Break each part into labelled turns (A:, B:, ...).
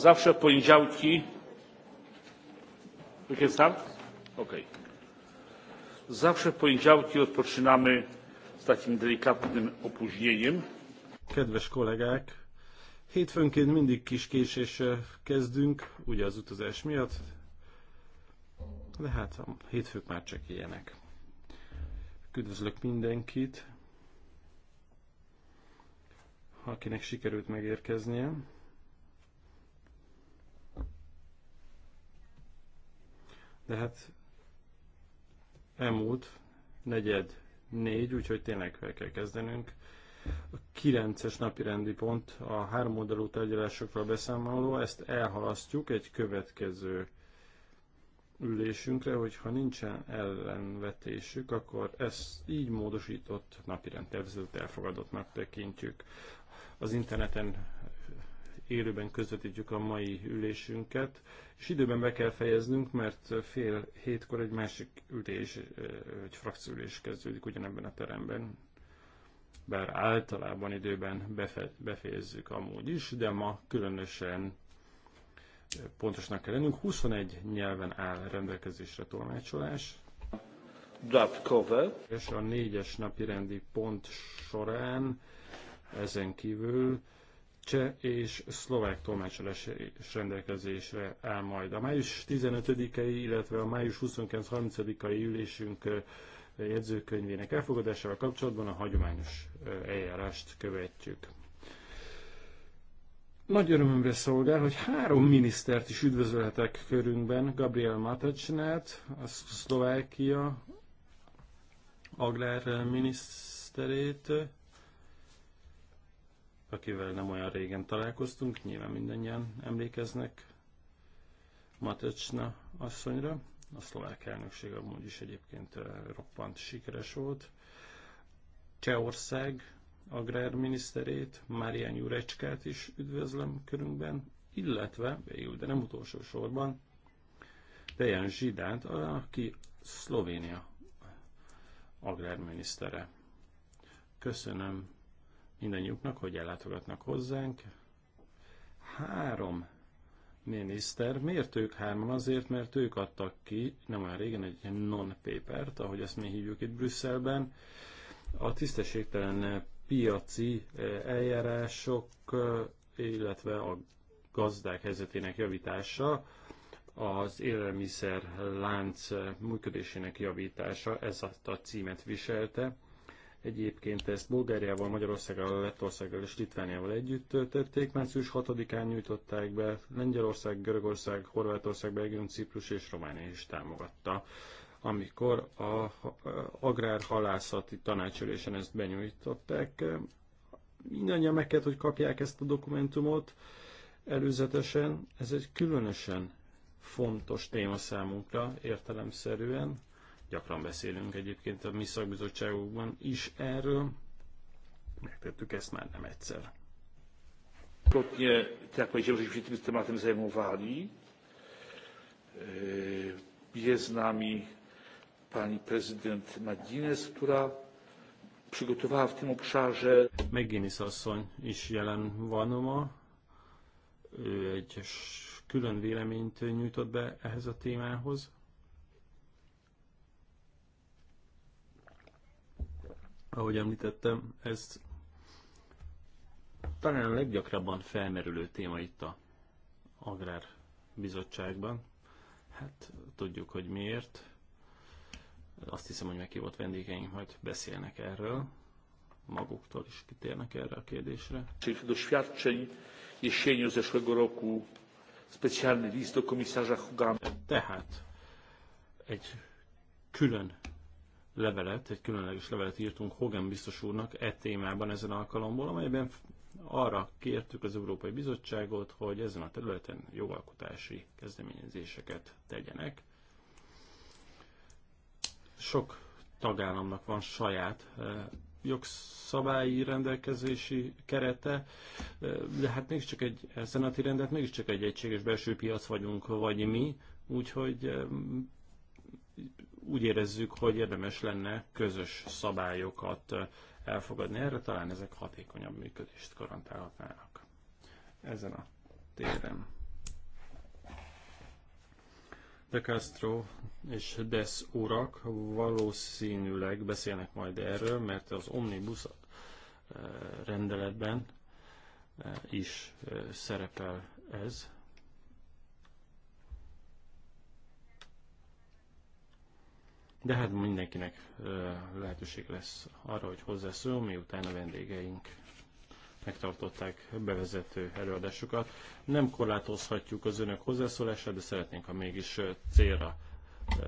A: Zawsze w poniedziałki. We start? Okay. Zawsze w poniedziałki odpoczynamy z takim delikatnym opóźnieniem.
B: Kedves kollégák, hétfőnként mindig kis késéssel kezdünk, ugye az utazás miatt, de hát a hétfők már csak ilyenek. Üdvözlök mindenkit, akinek sikerült megérkeznie. De hát elmúlt negyed négy, úgyhogy tényleg fel kell kezdenünk. A kilences napi rendi pont a oldalú tárgyalásokról beszámoló, ezt elhalasztjuk egy következő ülésünkre, hogyha nincsen ellenvetésük, akkor ezt így módosított napirend tervezetet elfogadottnak tekintjük az interneten élőben közvetítjük a mai ülésünket, és időben be kell fejeznünk, mert fél hétkor egy másik ülés, egy frakciülés kezdődik ugyanebben a teremben, bár általában időben befe, befejezzük amúgy is, de ma különösen pontosnak kell lennünk. 21 nyelven áll rendelkezésre tolmácsolás. cover És a négyes napi rendi pont során ezen kívül cseh és szlovák tolmácsolás rendelkezésre áll majd. A május 15-ei, illetve a május 29-30-ai ülésünk jegyzőkönyvének elfogadásával kapcsolatban a hagyományos eljárást követjük. Nagy örömömre szolgál, hogy három minisztert is üdvözölhetek körünkben. Gabriel Matacsnát, a Szlovákia Agrár miniszterét, akivel nem olyan régen találkoztunk, nyilván mindannyian emlékeznek Matecsna asszonyra. A szlovák elnökség amúgy is egyébként eh, roppant sikeres volt. Csehország agrárminiszterét, Márián Jurecskát is üdvözlöm körünkben, illetve végül, de nem utolsó sorban, Dejan Zsidánt, aki Szlovénia agrárminisztere. Köszönöm mindannyiuknak, hogy ellátogatnak hozzánk. Három miniszter. Miért ők hárman? Azért, mert ők adtak ki nem olyan régen egy non-papert, ahogy ezt mi hívjuk itt Brüsszelben, a tisztességtelen piaci eh, eljárások, eh, illetve a gazdák helyzetének javítása, az élelmiszer lánc működésének javítása, ez azt a címet viselte. Egyébként ezt Bulgáriával, Magyarországgal, Lettországgal és Litvániával együtt töltötték Március 6-án nyújtották be. Lengyelország, Görögország, Horvátország, Belgium, Ciprus és Románia is támogatta amikor a agrárhalászati tanácsülésen ezt benyújtották. Mindannyian meg kellett, hogy kapják ezt a dokumentumot előzetesen. Ez egy különösen fontos téma számunkra értelemszerűen, Gyakran beszélünk egyébként a mi szakbizottságokban is erről. Megtettük ezt már nem egyszer.
A: Krótnie, tak powiedziałem, żeśmy się tym tematem zajmowali. E, jest z nami pani prezydent Madines, która przygotowała w tym obszarze.
B: McGuinness asszony is jelen van ma. Ő egy külön véleményt nyújtott be ehhez a témához. ahogy említettem, ez talán a leggyakrabban felmerülő téma itt a Agrárbizottságban. Hát tudjuk, hogy miért. Azt hiszem, hogy meghívott vendégeink majd beszélnek erről, maguktól is kitérnek erre a kérdésre. Tehát egy külön levelet, egy különleges levelet írtunk Hogan biztos úrnak e témában ezen alkalomból, amelyben arra kértük az Európai Bizottságot, hogy ezen a területen jogalkotási kezdeményezéseket tegyenek. Sok tagállamnak van saját e, jogszabályi rendelkezési kerete, e, de hát mégiscsak egy szenati rendet, mégiscsak egy egységes belső piac vagyunk, vagy mi, úgyhogy e, úgy érezzük, hogy érdemes lenne közös szabályokat elfogadni erre, talán ezek hatékonyabb működést garantálhatnának ezen a téren. De Castro és Des urak valószínűleg beszélnek majd erről, mert az Omnibus rendeletben is szerepel ez. De hát mindenkinek lehetőség lesz arra, hogy hozzászól, miután a vendégeink megtartották bevezető előadásukat. Nem korlátozhatjuk az önök hozzászólását, de szeretnénk, ha mégis célra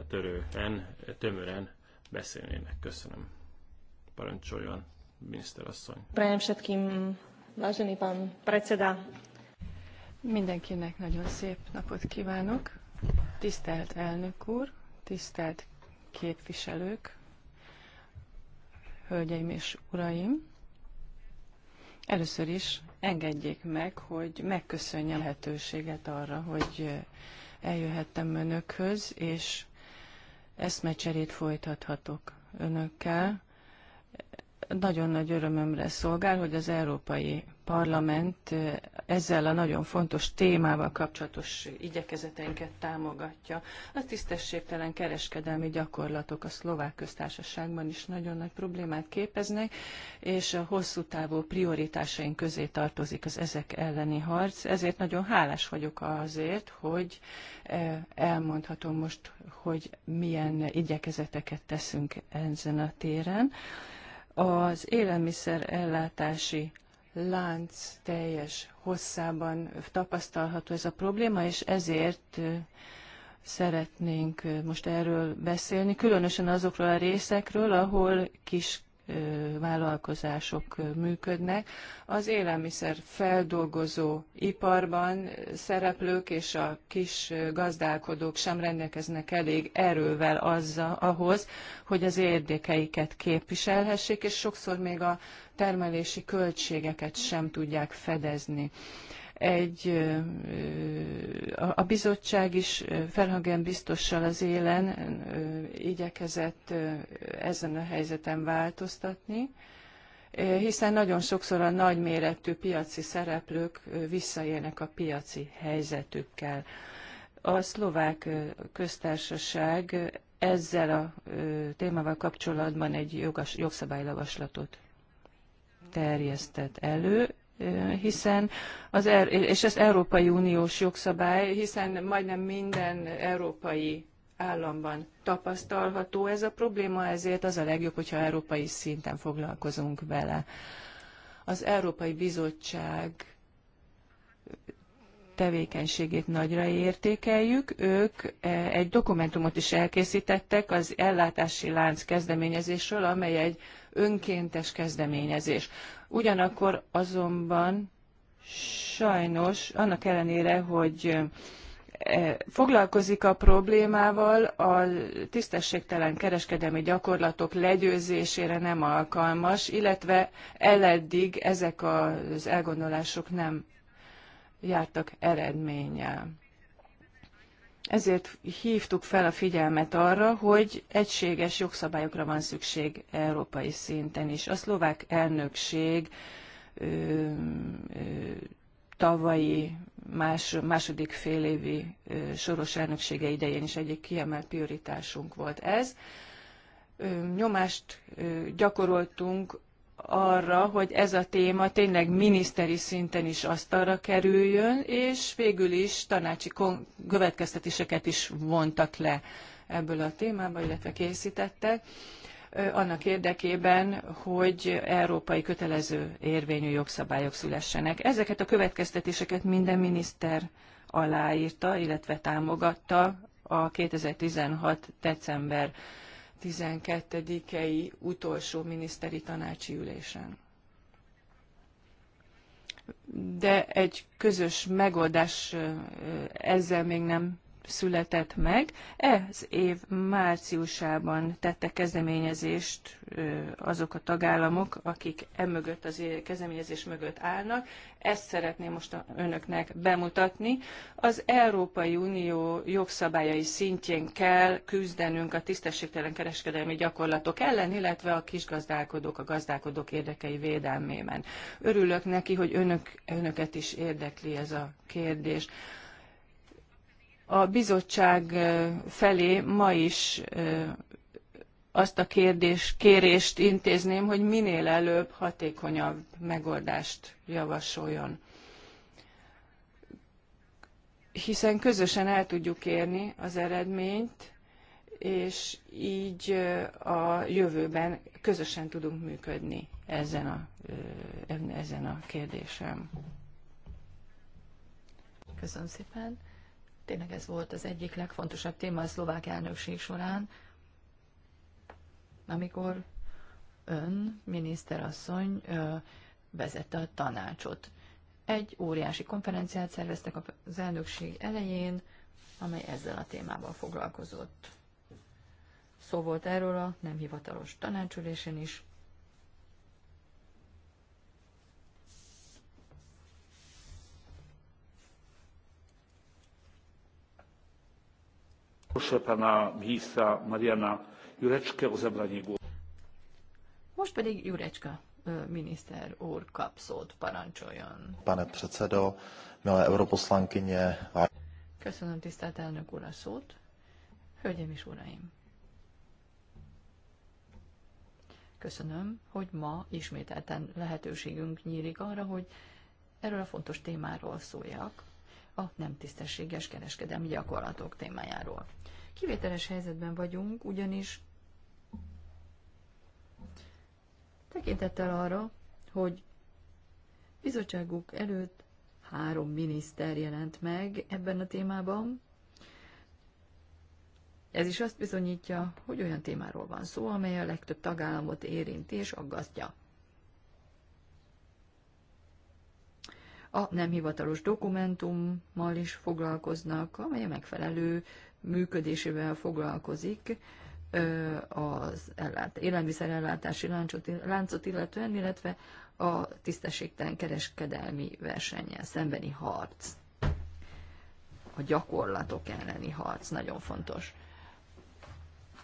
B: törően, tömören beszélnének. Köszönöm. Parancsoljon, miniszterasszony.
C: Prajem všetkým, vážený pán predseda. Mindenkinek nagyon szép napot kívánok. Tisztelt elnök úr, tisztelt képviselők, hölgyeim és uraim! Először is engedjék meg, hogy megköszönjem lehetőséget arra, hogy eljöhettem önökhöz, és eszmecserét folytathatok önökkel. Nagyon nagy örömömre szolgál, hogy az Európai parlament ezzel a nagyon fontos témával kapcsolatos igyekezeteinket támogatja. A tisztességtelen kereskedelmi gyakorlatok a szlovák köztársaságban is nagyon nagy problémát képeznek, és a hosszú távú prioritásaink közé tartozik az ezek elleni harc. Ezért nagyon hálás vagyok azért, hogy elmondhatom most, hogy milyen igyekezeteket teszünk ezen a téren. Az élelmiszer ellátási lánc teljes hosszában tapasztalható ez a probléma, és ezért szeretnénk most erről beszélni, különösen azokról a részekről, ahol kis vállalkozások működnek. Az élelmiszer feldolgozó iparban szereplők és a kis gazdálkodók sem rendelkeznek elég erővel azzal, ahhoz, hogy az érdekeiket képviselhessék, és sokszor még a termelési költségeket sem tudják fedezni egy, a bizottság is Ferhagen biztossal az élen igyekezett ezen a helyzeten változtatni, hiszen nagyon sokszor a nagyméretű piaci szereplők visszaélnek a piaci helyzetükkel. A szlovák köztársaság ezzel a témával kapcsolatban egy jogszabályjavaslatot terjesztett elő, hiszen az, és ez Európai Uniós jogszabály, hiszen majdnem minden európai államban tapasztalható ez a probléma, ezért az a legjobb, hogyha európai szinten foglalkozunk vele. Az Európai Bizottság tevékenységét nagyra értékeljük. Ők e, egy dokumentumot is elkészítettek az ellátási lánc kezdeményezésről, amely egy önkéntes kezdeményezés. Ugyanakkor azonban sajnos annak ellenére, hogy eh, foglalkozik a problémával, a tisztességtelen kereskedelmi gyakorlatok legyőzésére nem alkalmas, illetve eleddig ezek az elgondolások nem jártak eredménnyel ezért hívtuk fel a figyelmet arra, hogy egységes jogszabályokra van szükség európai szinten is. A szlovák elnökség ö, ö, tavalyi más, második félévi soros elnöksége idején is egyik kiemelt prioritásunk volt ez. Nyomást gyakoroltunk arra, hogy ez a téma tényleg miniszteri szinten is asztalra kerüljön, és végül is tanácsi következtetéseket is vontak le ebből a témába, illetve készítettek annak érdekében, hogy európai kötelező érvényű jogszabályok szülessenek. Ezeket a következtetéseket minden miniszter aláírta, illetve támogatta a 2016. december 12-i utolsó miniszteri tanácsi ülésen. De egy közös megoldás ezzel még nem született meg. Ez év márciusában tette kezdeményezést azok a tagállamok, akik emögött az kezdeményezés mögött állnak. Ezt szeretném most önöknek bemutatni. Az Európai Unió jogszabályai szintjén kell küzdenünk a tisztességtelen kereskedelmi gyakorlatok ellen, illetve a kisgazdálkodók, a gazdálkodók érdekei védelmében. Örülök neki, hogy önök, önöket is érdekli ez a kérdés a bizottság felé ma is azt a kérdés, kérést intézném, hogy minél előbb hatékonyabb megoldást javasoljon. Hiszen közösen el tudjuk érni az eredményt, és így a jövőben közösen tudunk működni ezen a, ezen a kérdésen. Köszönöm szépen.
D: Tényleg ez volt az egyik legfontosabb téma a szlovák elnökség során, amikor ön, miniszterasszony, vezette a tanácsot. Egy óriási konferenciát szerveztek az elnökség elején, amely ezzel a témával foglalkozott. Szó volt erről a nem hivatalos tanácsülésen is,
A: Proszę pana ministra Mariana Jureczkę o zabranie głosu.
D: Most pedig Jurecska miniszter úr kap szót, parancsoljon.
E: Pane předsedo, milé europoslankyně.
D: Köszönöm tisztelt elnök úr a szót. Hölgyeim és uraim! Köszönöm, hogy ma ismételten lehetőségünk nyílik arra, hogy erről a fontos témáról szóljak, a nem tisztességes kereskedelmi gyakorlatok témájáról. Kivételes helyzetben vagyunk, ugyanis tekintettel arra, hogy bizottságuk előtt három miniszter jelent meg ebben a témában. Ez is azt bizonyítja, hogy olyan témáról van szó, amely a legtöbb tagállamot érinti és aggasztja. a nem hivatalos dokumentummal is foglalkoznak, amely a megfelelő működésével foglalkozik az ellát, élelmiszerellátási láncot, láncot illetően, illetve a tisztességtelen kereskedelmi versennyel szembeni harc. A gyakorlatok elleni harc nagyon fontos.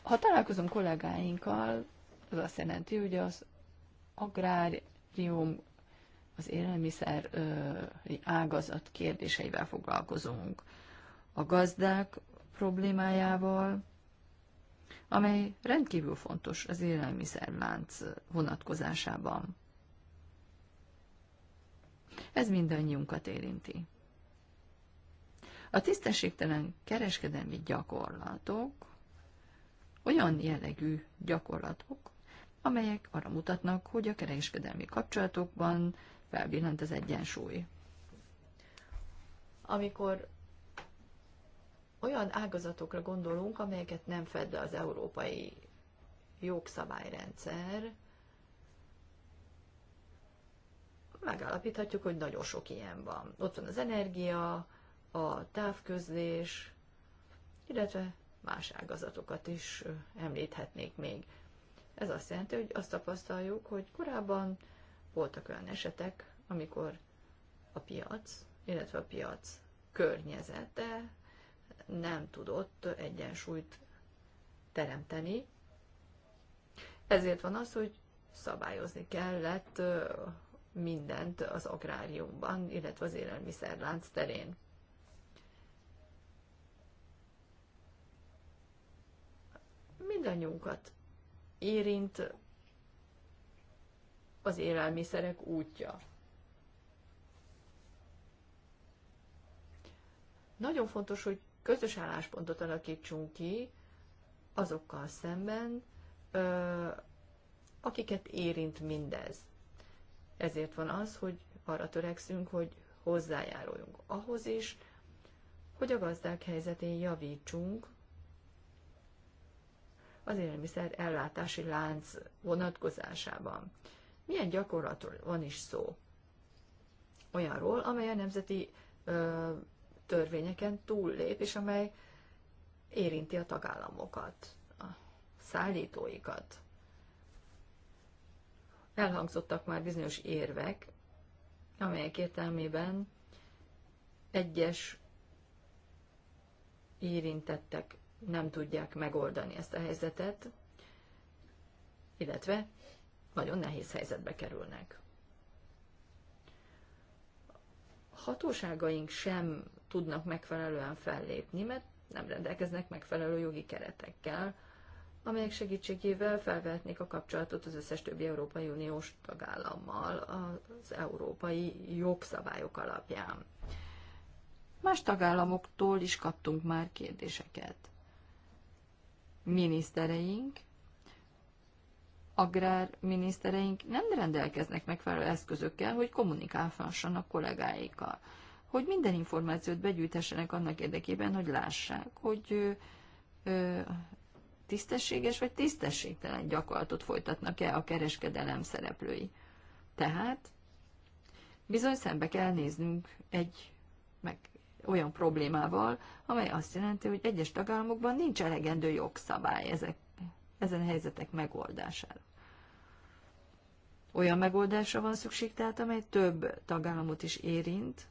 D: Ha találkozom kollégáinkkal, az azt jelenti, hogy az agrárium az élelmiszer ágazat kérdéseivel foglalkozunk. A gazdák problémájával, amely rendkívül fontos az élelmiszerlánc vonatkozásában. Ez mindannyiunkat érinti. A tisztességtelen kereskedelmi gyakorlatok olyan jellegű gyakorlatok, amelyek arra mutatnak, hogy a kereskedelmi kapcsolatokban felbillant az egyensúly. Amikor olyan ágazatokra gondolunk, amelyeket nem fed az európai jogszabályrendszer, megállapíthatjuk, hogy nagyon sok ilyen van. Ott van az energia, a távközlés, illetve más ágazatokat is említhetnék még. Ez azt jelenti, hogy azt tapasztaljuk, hogy korábban voltak olyan esetek, amikor a piac, illetve a piac környezete nem tudott egyensúlyt teremteni. Ezért van az, hogy szabályozni kellett mindent az agráriumban, illetve az élelmiszerlánc terén. Mindannyiunkat érint az élelmiszerek útja. Nagyon fontos, hogy közös álláspontot alakítsunk ki azokkal szemben, akiket érint mindez. Ezért van az, hogy arra törekszünk, hogy hozzájáruljunk ahhoz is, hogy a gazdák helyzetén javítsunk, az élelmiszer ellátási lánc vonatkozásában milyen gyakorlatról van is szó. Olyanról, amely a nemzeti ö, törvényeken túllép, és amely érinti a tagállamokat, a szállítóikat. Elhangzottak már bizonyos érvek, amelyek értelmében egyes érintettek nem tudják megoldani ezt a helyzetet, illetve nagyon nehéz helyzetbe kerülnek. Hatóságaink sem tudnak megfelelően fellépni, mert nem rendelkeznek megfelelő jogi keretekkel, amelyek segítségével felvehetnék a kapcsolatot az összes többi Európai Uniós tagállammal az európai jogszabályok alapján. Más tagállamoktól is kaptunk már kérdéseket. Minisztereink agrárminisztereink nem rendelkeznek megfelelő eszközökkel, hogy kommunikálhassanak kollégáikkal, hogy minden információt begyűjtessenek annak érdekében, hogy lássák, hogy ö, tisztességes vagy tisztességtelen gyakorlatot folytatnak-e a kereskedelem szereplői. Tehát bizony szembe kell néznünk egy meg olyan problémával, amely azt jelenti, hogy egyes tagállamokban nincs elegendő jogszabály ezek, ezen helyzetek megoldására. Olyan megoldásra van szükség tehát, amely több tagállamot is érint,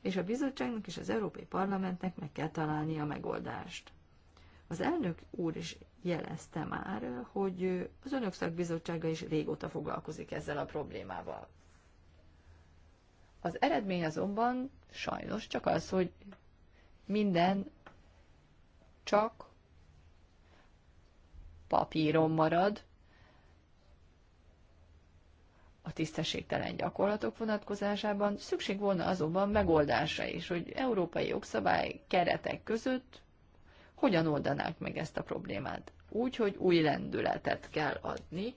D: és a bizottságnak és az Európai Parlamentnek meg kell találni a megoldást. Az elnök úr is jelezte már, hogy az önök szakbizottsága is régóta foglalkozik ezzel a problémával. Az eredmény azonban sajnos csak az, hogy minden csak papíron marad, a tisztességtelen gyakorlatok vonatkozásában, szükség volna azonban megoldásra is, hogy európai jogszabály keretek között hogyan oldanák meg ezt a problémát. Úgy, hogy új lendületet kell adni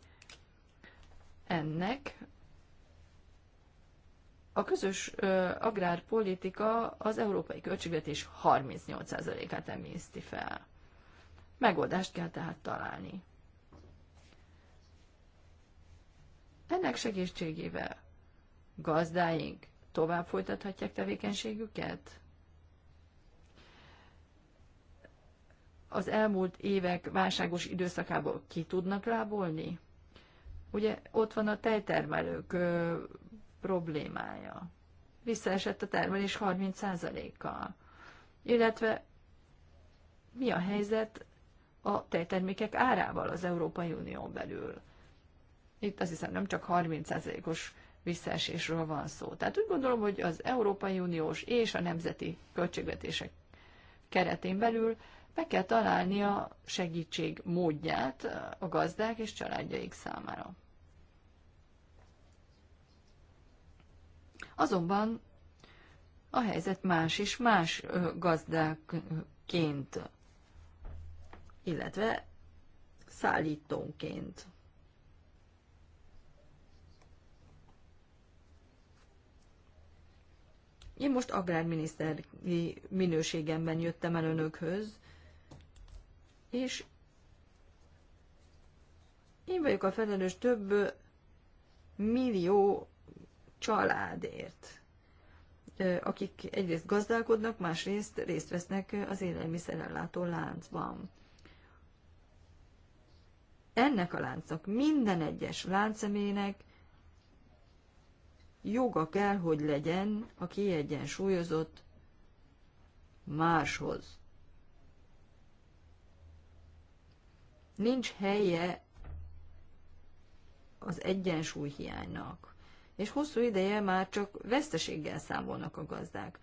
D: ennek. A közös ö, agrárpolitika az európai költségvetés 38%-át emészti fel. Megoldást kell tehát találni. Ennek segítségével gazdáink tovább folytathatják tevékenységüket? Az elmúlt évek válságos időszakából ki tudnak lábolni? Ugye ott van a tejtermelők ö, problémája. Visszaesett a termelés 30%-kal. Illetve mi a helyzet a tejtermékek árával az Európai Unión belül? Itt azt hiszem nem csak 30%-os visszaesésről van szó. Tehát úgy gondolom, hogy az Európai Uniós és a nemzeti költségvetések keretén belül meg kell találni a segítség módját a gazdák és családjaik számára. Azonban a helyzet más is más gazdákként, illetve szállítónként. Én most agrárminiszteri minőségemben jöttem el önökhöz, és én vagyok a felelős több millió családért, akik egyrészt gazdálkodnak, másrészt részt vesznek az élelmiszerellátó láncban. Ennek a láncnak, minden egyes láncszemélynek joga kell, hogy legyen a kiegyensúlyozott máshoz. Nincs helye az egyensúly hiánynak, és hosszú ideje már csak veszteséggel számolnak a gazdák.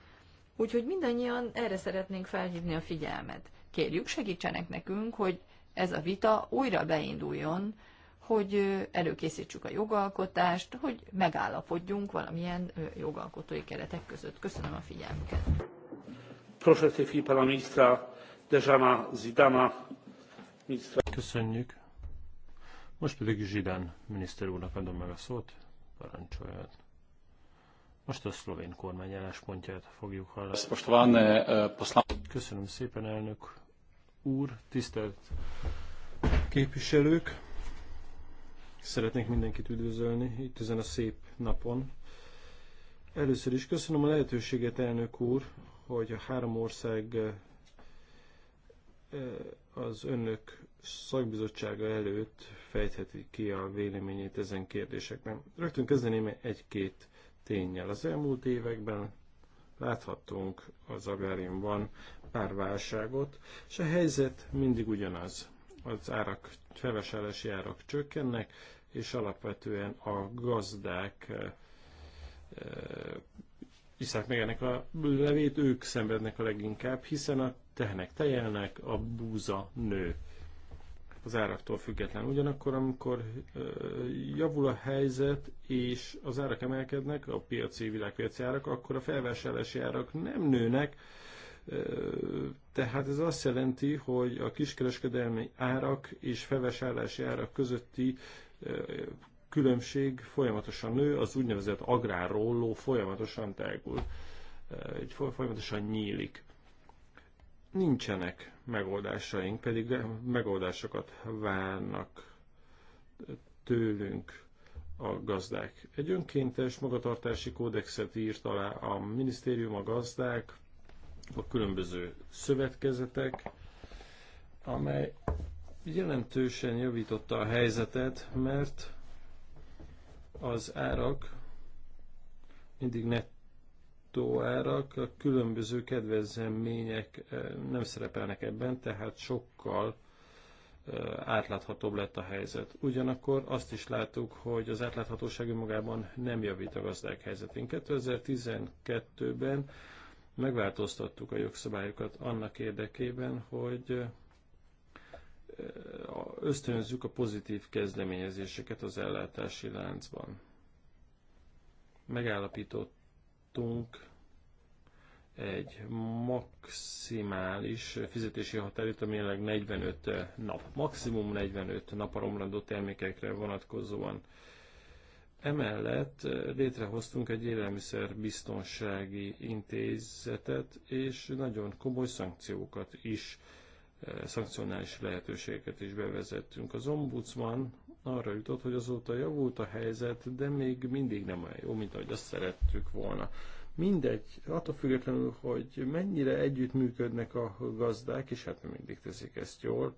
D: Úgyhogy mindannyian erre szeretnénk felhívni a figyelmet. Kérjük, segítsenek nekünk, hogy ez a vita újra beinduljon, hogy előkészítsük a jogalkotást, hogy megállapodjunk valamilyen jogalkotói keretek között. Köszönöm a figyelmüket.
B: Köszönjük. Most pedig Zsidán miniszter úrnak adom meg a szót. Parancsoljon. Most a szlovén kormány álláspontját fogjuk hallani. Eh, Köszönöm szépen, elnök úr, tisztelt képviselők! Szeretnék mindenkit üdvözölni itt ezen a szép napon. Először is köszönöm a lehetőséget, elnök úr, hogy a három ország eh, az önök szakbizottsága előtt fejtheti ki a véleményét ezen kérdésekben. Rögtön kezdeném egy-két tényel. Az elmúlt években láthattunk az agráriumban pár válságot, és a helyzet mindig ugyanaz az árak, felvásárlási árak csökkennek, és alapvetően a gazdák eh, eh, iszák meg ennek a levét, ők szenvednek a leginkább, hiszen a tehenek tejelnek, a búza nő hát az áraktól független. Ugyanakkor, amikor eh, javul a helyzet és az árak emelkednek, a piaci világpiaci árak, akkor a felvásárlási árak nem nőnek, tehát ez azt jelenti, hogy a kiskereskedelmi árak és fevesállási árak közötti különbség folyamatosan nő, az úgynevezett agrárrolló folyamatosan tágul, folyamatosan nyílik. Nincsenek megoldásaink, pedig megoldásokat várnak tőlünk a gazdák. Egy önkéntes magatartási kódexet írt alá a minisztérium, a gazdák, a különböző szövetkezetek, amely jelentősen javította a helyzetet, mert az árak mindig nettó árak, a különböző kedvezmények eh, nem szerepelnek ebben, tehát sokkal eh, átláthatóbb lett a helyzet. Ugyanakkor azt is láttuk, hogy az átláthatóság önmagában nem javít a gazdák helyzetén. 2012-ben megváltoztattuk a jogszabályokat annak érdekében, hogy ösztönözzük a pozitív kezdeményezéseket az ellátási láncban. Megállapítottunk egy maximális fizetési határidőt, ami jelenleg 45 nap, maximum 45 nap a romlandó termékekre vonatkozóan Emellett létrehoztunk egy élelmiszerbiztonsági intézetet, és nagyon komoly szankciókat is, szankcionális lehetőségeket is bevezettünk. Az ombudsman arra jutott, hogy azóta javult a helyzet, de még mindig nem olyan jó, mint ahogy azt szerettük volna. Mindegy, attól függetlenül, hogy mennyire együttműködnek a gazdák, és hát nem mindig teszik ezt jól,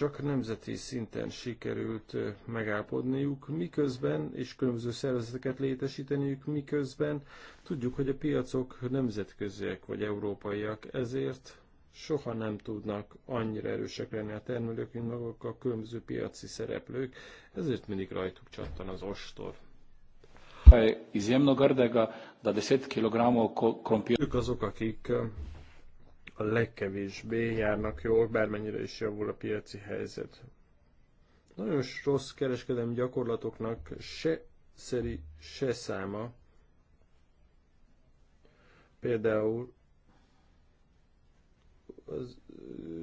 B: csak nemzeti szinten sikerült megállapodniuk, miközben, és különböző szervezeteket létesíteniük, miközben tudjuk, hogy a piacok nemzetköziek vagy európaiak, ezért soha nem tudnak annyira erősek lenni a termelők, mint maguk a különböző piaci szereplők, ezért mindig rajtuk csattan az ostor. 10 Ők azok, akik a legkevésbé járnak jól, bármennyire is javul a piaci helyzet. Nagyon rossz kereskedelmi gyakorlatoknak se szeri, se száma. Például az,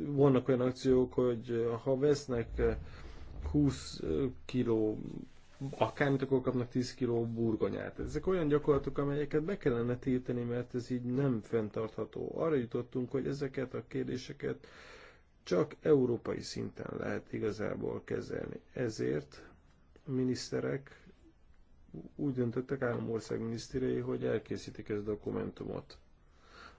B: vannak olyan akciók, hogy ha vesznek 20 eh, eh, kiló akármit akkor kapnak 10 kg burgonyát. Ezek olyan gyakorlatok, amelyeket be kellene tiltani, mert ez így nem fenntartható. Arra jutottunk, hogy ezeket a kérdéseket csak európai szinten lehet igazából kezelni. Ezért a miniszterek úgy döntöttek államország miniszterei, hogy elkészítik ezt a dokumentumot.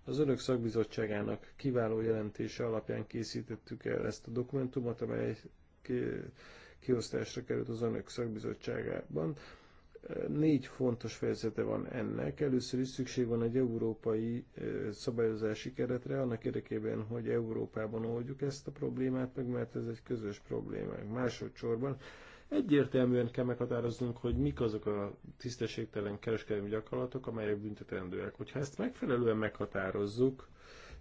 B: Az Önök Szakbizottságának kiváló jelentése alapján készítettük el ezt a dokumentumot, amely kiosztásra került az önök szakbizottságában. Négy fontos fejezete van ennek. Először is szükség van egy európai szabályozási keretre, annak érdekében, hogy Európában oldjuk ezt a problémát, meg mert ez egy közös probléma. Másodszorban egyértelműen kell meghatároznunk, hogy mik azok a tisztességtelen kereskedelmi gyakorlatok, amelyek büntetendőek. Hogyha ezt megfelelően meghatározzuk,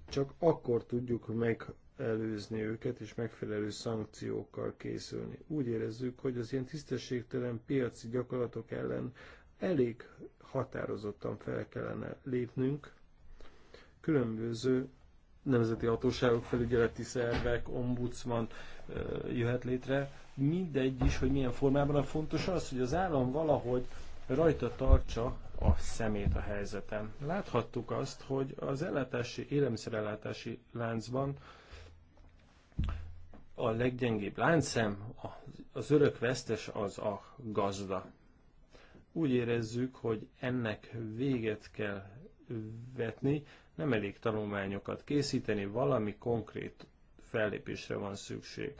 B: csak akkor tudjuk meg előzni őket, és megfelelő szankciókkal készülni. Úgy érezzük, hogy az ilyen tisztességtelen piaci gyakorlatok ellen elég határozottan fel kellene lépnünk, különböző nemzeti hatóságok, felügyeleti szervek, ombudsman jöhet létre. Mindegy is, hogy milyen formában. A fontos az, hogy az állam valahogy rajta tartsa a szemét a helyzeten. Láthattuk azt, hogy az ellátási, élelmiszerellátási láncban a leggyengébb láncszem, az örök vesztes az a gazda. Úgy érezzük, hogy ennek véget kell vetni, nem elég tanulmányokat készíteni, valami konkrét fellépésre van szükség.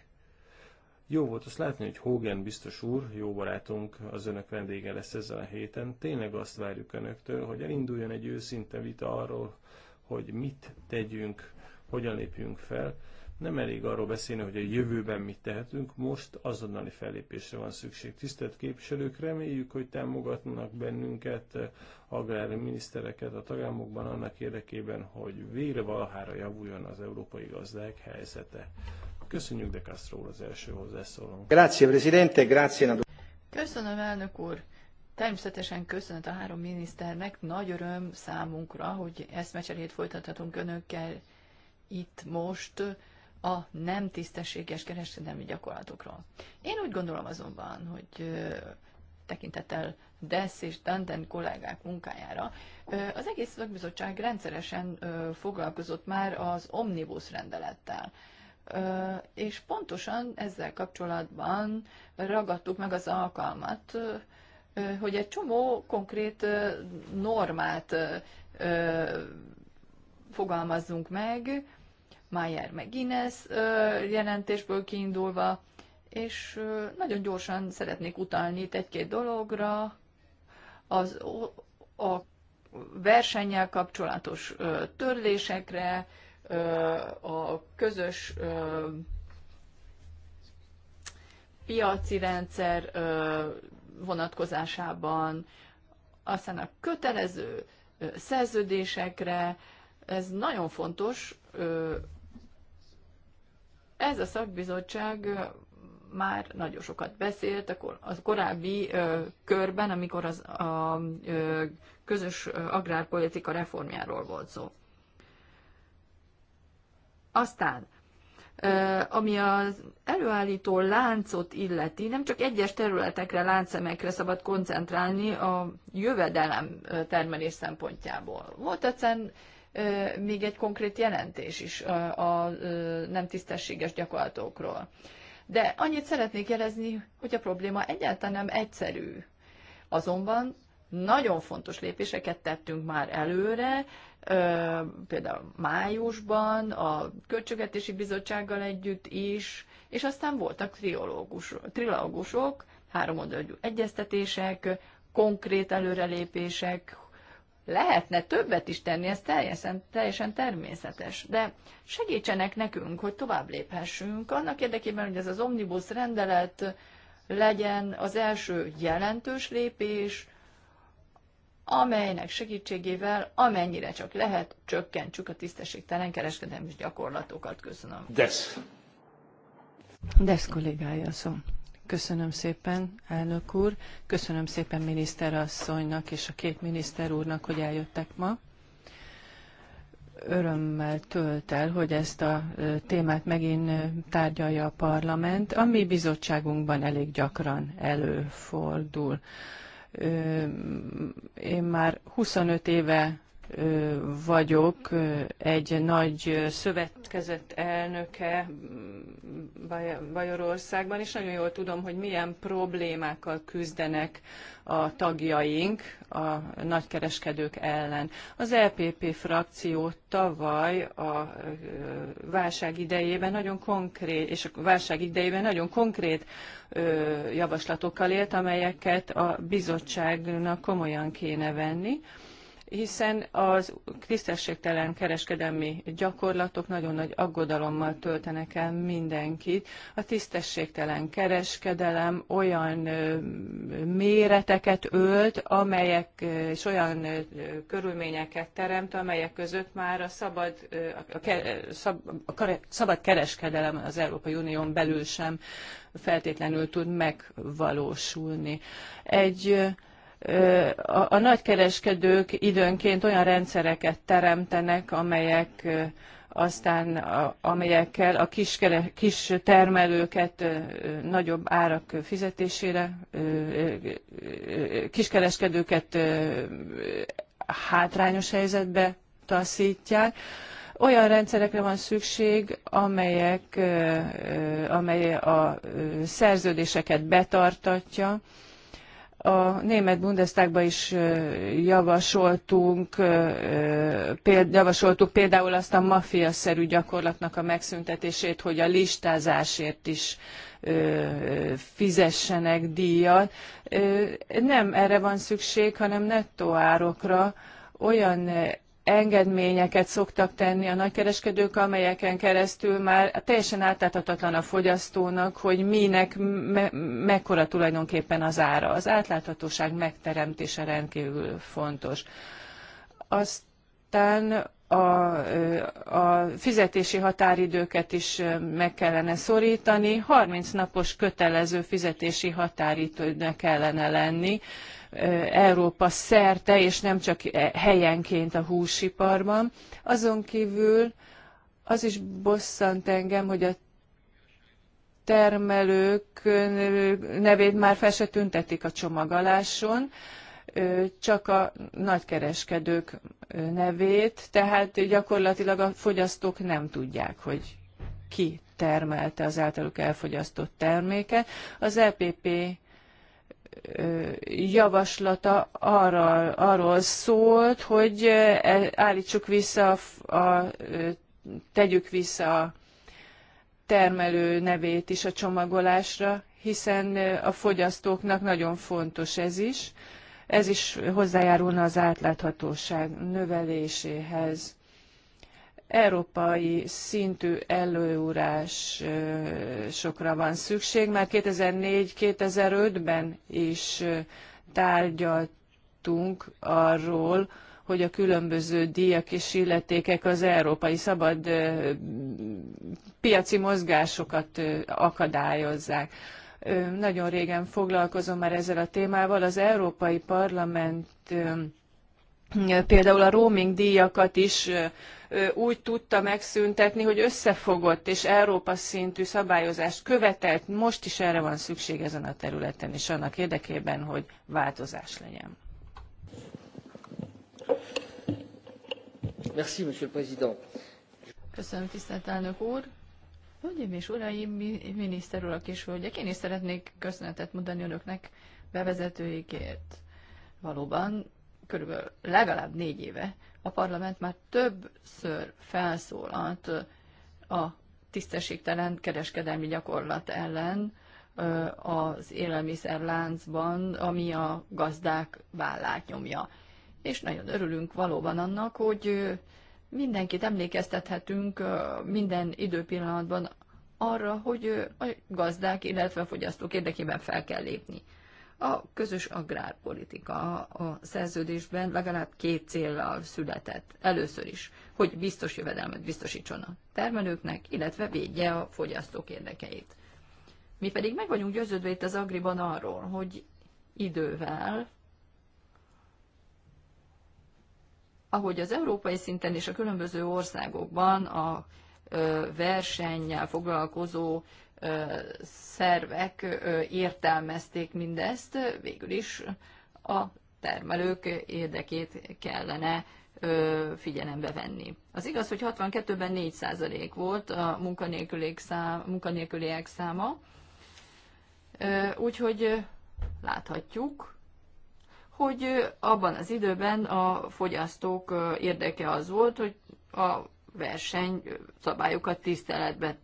B: Jó volt azt látni, hogy Hogan biztos úr, jó barátunk, az önök vendége lesz ezzel a héten. Tényleg azt várjuk önöktől, hogy elinduljon egy őszinte vita arról, hogy mit tegyünk, hogyan lépjünk fel nem elég arról beszélni, hogy a jövőben mit tehetünk, most azonnali fellépésre van szükség. Tisztelt képviselők, reméljük, hogy támogatnak bennünket, eh, agrári minisztereket a tagállamokban annak érdekében, hogy végre valahára javuljon az európai gazdák helyzete. Köszönjük De Castro az első hozzászólónk.
E: Grazie, Presidente, grazie.
D: Köszönöm, elnök úr. Természetesen köszönet a három miniszternek. Nagy öröm számunkra, hogy ezt mecserét folytathatunk önökkel itt most a nem tisztességes kereskedelmi gyakorlatokról. Én úgy gondolom azonban, hogy tekintettel Dess és Danden kollégák munkájára. Az egész szakbizottság rendszeresen foglalkozott már az omnibus rendelettel. És pontosan ezzel kapcsolatban ragadtuk meg az alkalmat, hogy egy csomó konkrét normát fogalmazzunk meg, Mayer McGuinness jelentésből kiindulva, és nagyon gyorsan szeretnék utalni itt egy-két dologra, az a versennyel kapcsolatos törlésekre, a közös piaci rendszer vonatkozásában, aztán a kötelező szerződésekre, ez nagyon fontos ez a szakbizottság már nagyon sokat beszélt a korábbi körben, amikor az, a közös agrárpolitika reformjáról volt szó. Aztán, ami az előállító láncot illeti, nem csak egyes területekre, láncszemekre szabad koncentrálni a jövedelem termelés szempontjából. Volt egyszerűen még egy konkrét jelentés is a nem tisztességes gyakorlatokról. De annyit szeretnék jelezni, hogy a probléma egyáltalán nem egyszerű. Azonban nagyon fontos lépéseket tettünk már előre, például májusban, a Költségvetési Bizottsággal együtt is, és aztán voltak trilógusok, három oldalú egyeztetések, konkrét előrelépések, lehetne többet is tenni, ez teljesen, teljesen természetes. De segítsenek nekünk, hogy tovább léphessünk, annak érdekében, hogy ez az omnibus rendelet legyen az első jelentős lépés, amelynek segítségével amennyire csak lehet, csökkentsük a tisztességtelen kereskedelmi gyakorlatokat. Köszönöm. Desz.
C: Desz kollégája szó. Szóval. Köszönöm szépen, elnök úr. Köszönöm szépen miniszter asszonynak és a két miniszter úrnak, hogy eljöttek ma. Örömmel tölt el, hogy ezt a témát megint tárgyalja a parlament, ami bizottságunkban elég gyakran előfordul. Én már 25 éve vagyok, egy nagy szövetkezet elnöke Bajorországban, és nagyon jól tudom, hogy milyen problémákkal küzdenek a tagjaink a nagykereskedők ellen. Az LPP e frakció tavaly a válság idejében nagyon konkrét, és a válság idejében nagyon konkrét javaslatokkal élt, amelyeket a bizottságnak komolyan kéne venni hiszen az tisztességtelen kereskedelmi gyakorlatok nagyon nagy aggodalommal töltenek el mindenkit. A tisztességtelen kereskedelem olyan méreteket ölt, amelyek és olyan körülményeket teremt, amelyek között már a szabad, a, ke, szab, a szabad kereskedelem az Európai Unión belül sem feltétlenül tud megvalósulni. Egy a, a nagykereskedők időnként olyan rendszereket teremtenek, amelyek aztán a, amelyekkel a kis, kis termelőket nagyobb árak fizetésére, kiskereskedőket hátrányos helyzetbe taszítják. Olyan rendszerekre van szükség, amelyek, amely a szerződéseket betartatja, a német Bundestagba is javasoltunk, javasoltuk például azt a mafiaszerű gyakorlatnak a megszüntetését, hogy a listázásért is fizessenek díjat. Nem erre van szükség, hanem nettó árokra olyan engedményeket szoktak tenni a nagykereskedők, amelyeken keresztül már teljesen átláthatatlan a fogyasztónak, hogy minek me- mekkora tulajdonképpen az ára. Az átláthatóság megteremtése rendkívül fontos. Aztán a, a fizetési határidőket is meg kellene szorítani, 30 napos kötelező fizetési határidőnek kellene lenni Európa szerte, és nem csak helyenként a húsiparban. Azon kívül az is bosszant engem, hogy a termelők nevét már fel se tüntetik a csomagoláson, csak a nagykereskedők nevét, tehát gyakorlatilag a fogyasztók nem tudják, hogy ki termelte az általuk elfogyasztott terméket. Az EPP javaslata arra, arról szólt, hogy e, állítsuk vissza, a, a, tegyük vissza a termelő nevét is a csomagolásra, hiszen a fogyasztóknak nagyon fontos ez is. Ez is hozzájárulna az átláthatóság növeléséhez európai szintű előúrásokra van szükség. Már 2004-2005-ben is tárgyaltunk arról, hogy a különböző díjak és illetékek az európai szabad piaci mozgásokat akadályozzák. Nagyon régen foglalkozom már ezzel a témával. Az Európai Parlament például a roaming díjakat is úgy tudta megszüntetni, hogy összefogott és Európa szintű szabályozást követelt. Most is erre van szükség ezen a területen, és annak érdekében, hogy változás legyen.
A: Merci, Monsieur le Président.
D: Köszönöm, tisztelt elnök úr. Hölgyeim és uraim, miniszter urak és hölgyek, én is szeretnék köszönetet mondani önöknek bevezetőikért. Valóban körülbelül legalább négy éve a parlament már többször felszólalt a tisztességtelen kereskedelmi gyakorlat ellen az élelmiszerláncban, ami a gazdák vállát nyomja. És nagyon örülünk valóban annak, hogy mindenkit emlékeztethetünk minden időpillanatban arra, hogy a gazdák, illetve a fogyasztók érdekében fel kell lépni. A közös agrárpolitika a szerződésben legalább két célral született. Először is, hogy biztos jövedelmet biztosítson a termelőknek, illetve védje a fogyasztók érdekeit. Mi pedig meg vagyunk győződve itt az Agriban arról, hogy idővel, ahogy az európai szinten és a különböző országokban a versennyel foglalkozó szervek értelmezték mindezt, végül is a termelők érdekét kellene figyelembe venni. Az igaz, hogy 62-ben 4% volt a munkanélküliek, száma, úgyhogy láthatjuk, hogy abban az időben a fogyasztók érdeke az volt, hogy a versenyszabályokat tiszteletben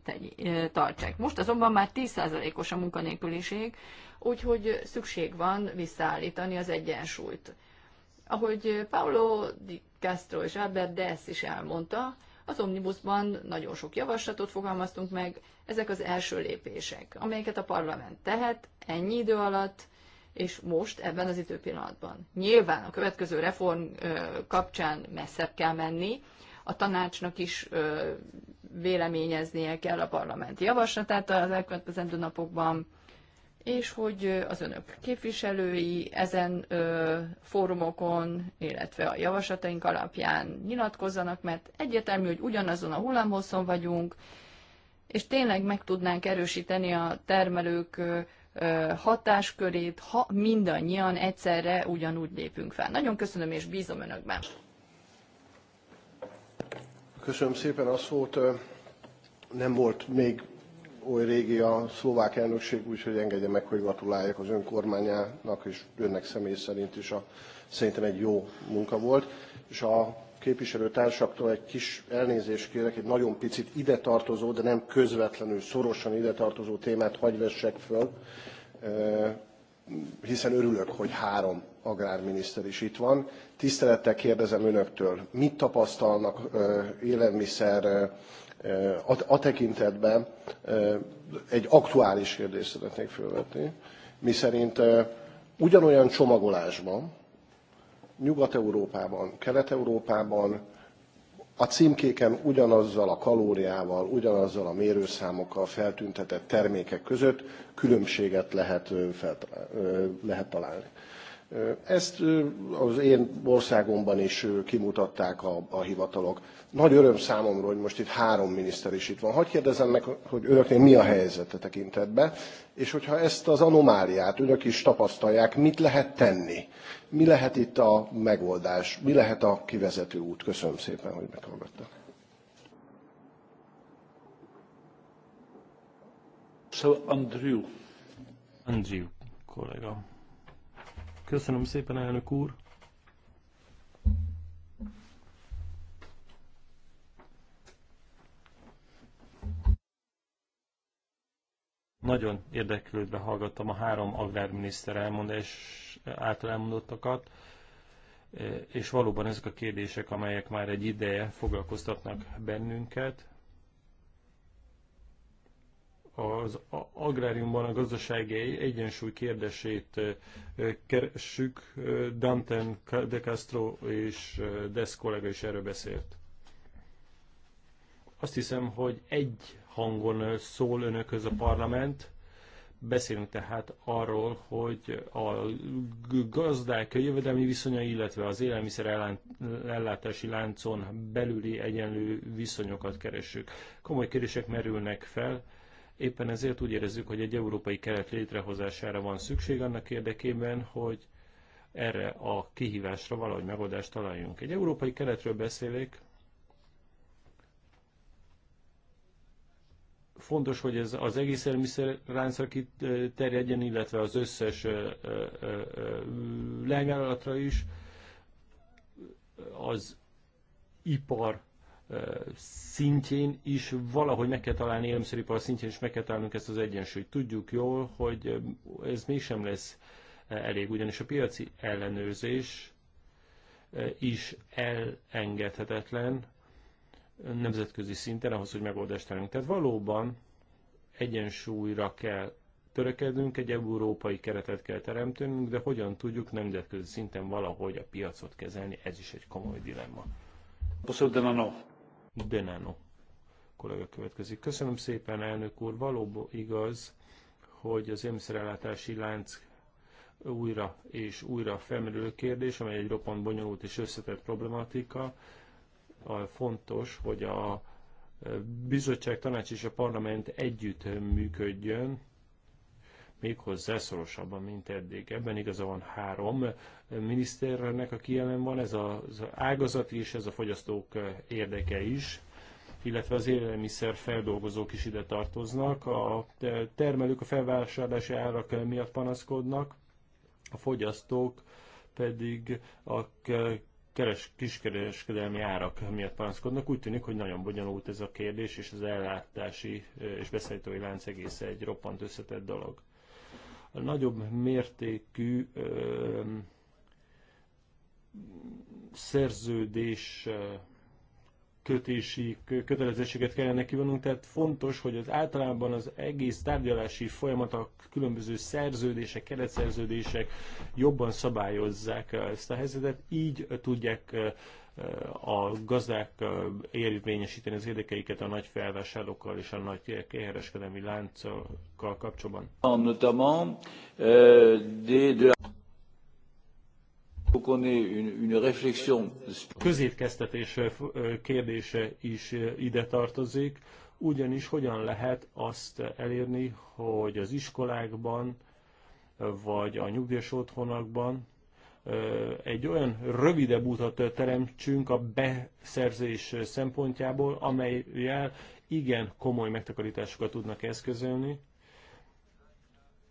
D: tartsák. Most azonban már 10%-os a munkanélküliség, úgyhogy szükség van visszaállítani az egyensúlyt. Ahogy Paulo Di Castro és Albert Dess is elmondta, az Omnibusban nagyon sok javaslatot fogalmaztunk meg, ezek az első lépések, amelyeket a parlament tehet ennyi idő alatt, és most ebben az időpillanatban. Nyilván a következő reform kapcsán messzebb kell menni, a tanácsnak is véleményeznie kell a parlament javaslatát az elkövetkezendő napokban, és hogy az önök képviselői ezen ö, fórumokon, illetve a javaslataink alapján nyilatkozzanak, mert egyértelmű, hogy ugyanazon a hullámhosszon vagyunk, és tényleg meg tudnánk erősíteni a termelők ö, hatáskörét, ha mindannyian egyszerre ugyanúgy lépünk fel. Nagyon köszönöm, és bízom önökben.
E: Köszönöm szépen a szót. Nem volt még oly régi a szlovák elnökség, úgyhogy engedje meg, hogy gratuláljak az önkormányának, és önnek személy szerint is a, szerintem egy jó munka volt. És a képviselőtársaktól egy kis elnézést kérek, egy nagyon picit ide tartozó, de nem közvetlenül, szorosan ide tartozó témát hagy föl hiszen örülök, hogy három agrárminiszter is itt van. Tisztelettel kérdezem önöktől, mit tapasztalnak élelmiszer a, tekintetben egy aktuális kérdést szeretnék felvetni, miszerint ugyanolyan csomagolásban, Nyugat-Európában, Kelet-Európában a címkéken ugyanazzal a kalóriával, ugyanazzal a mérőszámokkal feltüntetett termékek között különbséget lehet, lehet találni. Ezt az én országomban is kimutatták a, a hivatalok. Nagy öröm számomra, hogy most itt három miniszter is itt van. Hadd kérdezem meg, hogy önöknél mi a helyzet a tekintetben, és hogyha ezt az anomáliát önök is tapasztalják, mit lehet tenni? Mi lehet itt a megoldás? Mi lehet a kivezető út? Köszönöm szépen, hogy meghallgattak.
A: So szóval Andrew.
B: Andrew kollega. Köszönöm szépen, elnök úr. Nagyon érdeklődve hallgattam a három agrárminiszter elmondás által elmondottakat, és valóban ezek a kérdések, amelyek már egy ideje foglalkoztatnak bennünket, az agráriumban a gazdasági egyensúly kérdését keressük. Danten de Castro és Desz kollega is erről beszélt. Azt hiszem, hogy egy hangon szól önökhöz a parlament, Beszélünk tehát arról, hogy a gazdák jövedelmi viszonyai, illetve az élelmiszer ellátási láncon belüli egyenlő viszonyokat keresünk. Komoly kérdések merülnek fel, Éppen ezért úgy érezzük, hogy egy európai keret létrehozására van szükség annak érdekében, hogy erre a kihívásra valahogy megoldást találjunk. Egy európai keretről beszélek, fontos, hogy ez az egész élelmiszerláncra terjedjen illetve az összes lányállatra is, az ipar szintjén is valahogy meg kell találni, élelmiszeripar szintjén is meg kell találnunk ezt az egyensúlyt. Tudjuk jól, hogy ez mégsem lesz elég, ugyanis a piaci ellenőrzés is elengedhetetlen nemzetközi szinten ahhoz, hogy megoldást találjunk. Tehát valóban egyensúlyra kell törekednünk, egy európai keretet kell teremtenünk, de hogyan tudjuk nemzetközi szinten valahogy a piacot kezelni, ez is egy komoly dilemma. Köszönöm, Denano kollega következik. Köszönöm szépen, elnök úr. Valóban igaz, hogy az élmiszerellátási lánc újra és újra felmerülő kérdés, amely egy roppant bonyolult és összetett problematika. Fontos, hogy a bizottság, tanács és a parlament együtt működjön, méghozzá szorosabban, mint eddig. Ebben igaza van három miniszternek, aki jelen van, ez az ágazat is, ez a fogyasztók érdeke is, illetve az élelmiszer feldolgozók is ide tartoznak. A termelők a felvásárlási árak miatt panaszkodnak, a fogyasztók pedig a keres, kiskereskedelmi árak miatt panaszkodnak. Úgy tűnik, hogy nagyon bonyolult ez a kérdés, és az ellátási és beszállítói lánc egész egy roppant összetett dolog a nagyobb mértékű ö, szerződés kötési kötelezettséget kellene kivonnunk, tehát fontos, hogy az általában az egész tárgyalási folyamat a különböző szerződések, keretszerződések jobban szabályozzák ezt a helyzetet, így tudják a gazdák érvényesíteni az érdekeiket a nagy felvásárlókkal és a nagy kereskedelmi láncokkal
A: kapcsolatban? Euh,
B: a középkeztetés kérdése is ide tartozik, ugyanis hogyan lehet azt elérni, hogy az iskolákban vagy a nyugdíjas otthonakban egy olyan rövidebb utat teremtsünk a beszerzés szempontjából, amelyel igen komoly megtakarításokat tudnak eszközölni.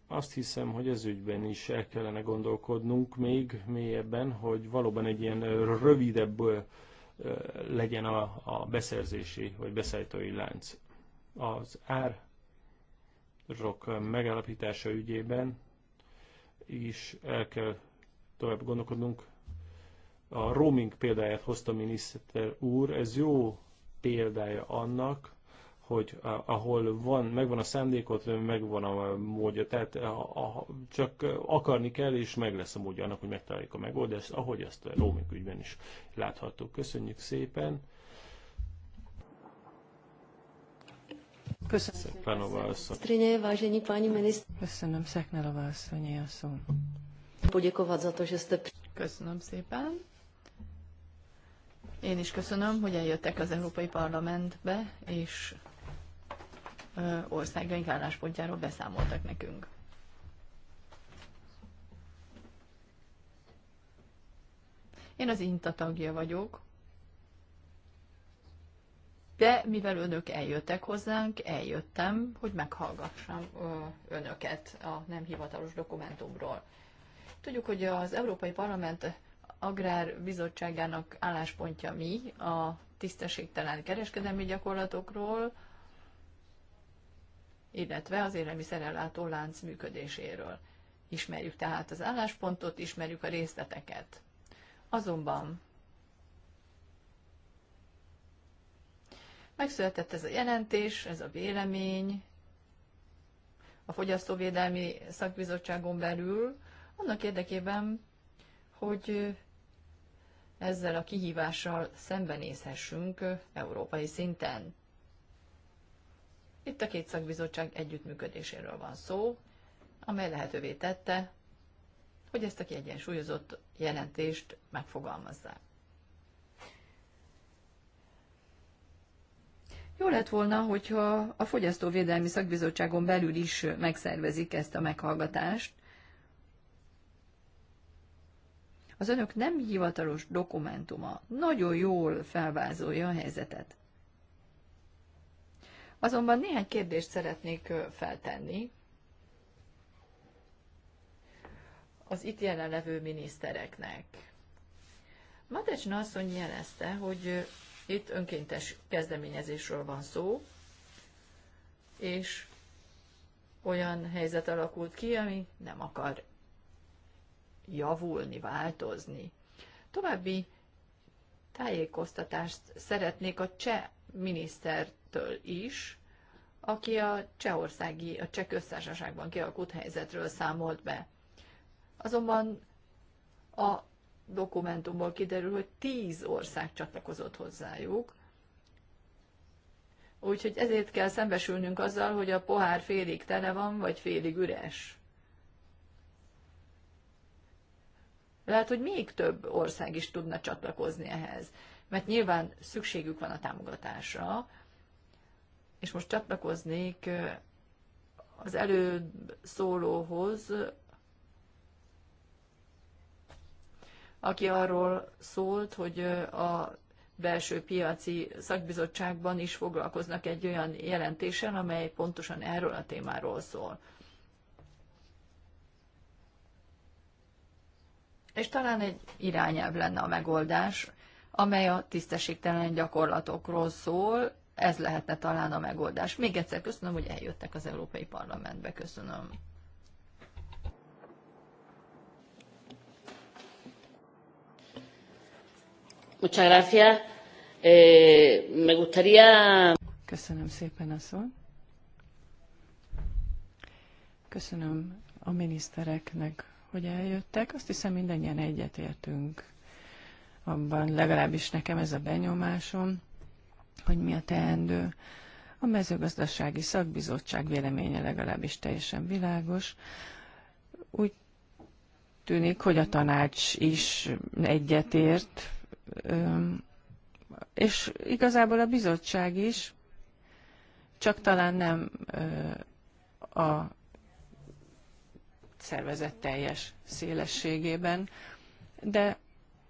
B: Azt hiszem, hogy ez ügyben is el kellene gondolkodnunk még mélyebben, hogy valóban egy ilyen rövidebb legyen a, a beszerzési vagy beszállítói lánc. Az árok megállapítása ügyében is el kell tovább gondolkodunk. A roaming példáját hozta miniszter úr, ez jó példája annak, hogy ahol van, megvan a szándékot, megvan a módja, tehát csak akarni kell, és meg lesz a módja annak, hogy megtaláljuk a megoldást, ahogy ezt a roaming ügyben is látható. Köszönjük szépen! Köszönöm, Szeknelova
D: asszony.
C: Vážení páni miniszter. Köszönöm, Szeknelova asszonyé a szó
D: poděkovat za to, že jste... Köszönöm
C: szépen. Én is köszönöm,
D: hogy eljöttek az Európai Parlamentbe, és országaink álláspontjáról beszámoltak nekünk. Én az INTA tagja vagyok, de mivel önök eljöttek hozzánk, eljöttem, hogy meghallgassam önöket a nem hivatalos dokumentumról. Tudjuk, hogy az Európai Parlament Agrárbizottságának álláspontja mi a tisztességtelen kereskedelmi gyakorlatokról, illetve az élelmiszerellátó lánc működéséről. Ismerjük tehát az álláspontot, ismerjük a részleteket. Azonban megszületett ez a jelentés, ez a vélemény a Fogyasztóvédelmi Szakbizottságon belül, annak érdekében, hogy ezzel a kihívással szembenézhessünk európai szinten. Itt a két szakbizottság együttműködéséről van szó, amely lehetővé tette, hogy ezt a kiegyensúlyozott jelentést megfogalmazzák. Jó lett volna, hogyha a Fogyasztóvédelmi Szakbizottságon belül is megszervezik ezt a meghallgatást, Az önök nem hivatalos dokumentuma nagyon jól felvázolja a helyzetet. Azonban néhány kérdést szeretnék feltenni az itt jelenlevő minisztereknek. Matecsna asszony jelezte, hogy itt önkéntes kezdeményezésről van szó, és olyan helyzet alakult ki, ami nem akar javulni, változni. További tájékoztatást szeretnék a cseh minisztertől is, aki a csehországi, a cseh köztársaságban kialakult helyzetről számolt be. Azonban a dokumentumból kiderül, hogy tíz ország csatlakozott hozzájuk, úgyhogy ezért kell szembesülnünk azzal, hogy a pohár félig tele van, vagy félig üres. Lehet, hogy még több ország is tudna csatlakozni ehhez, mert nyilván szükségük van a támogatásra, és most csatlakoznék az előbb szólóhoz, aki arról szólt, hogy a belső piaci szakbizottságban is foglalkoznak egy olyan jelentéssel, amely pontosan erről a témáról szól. és talán egy irányelv lenne a megoldás, amely a tisztességtelen gyakorlatokról szól, ez lehetne talán a megoldás. Még egyszer köszönöm, hogy eljöttek az Európai Parlamentbe. Köszönöm.
C: Muchas gracias. Eh, me gustaría... Köszönöm szépen a szót. Köszönöm a minisztereknek hogy eljöttek. Azt hiszem mindannyian egyetértünk abban, legalábbis nekem ez a benyomásom, hogy mi a teendő. A mezőgazdasági szakbizottság véleménye legalábbis teljesen világos. Úgy tűnik, hogy a tanács is egyetért, és igazából a bizottság is, csak talán nem a szervezet teljes szélességében, de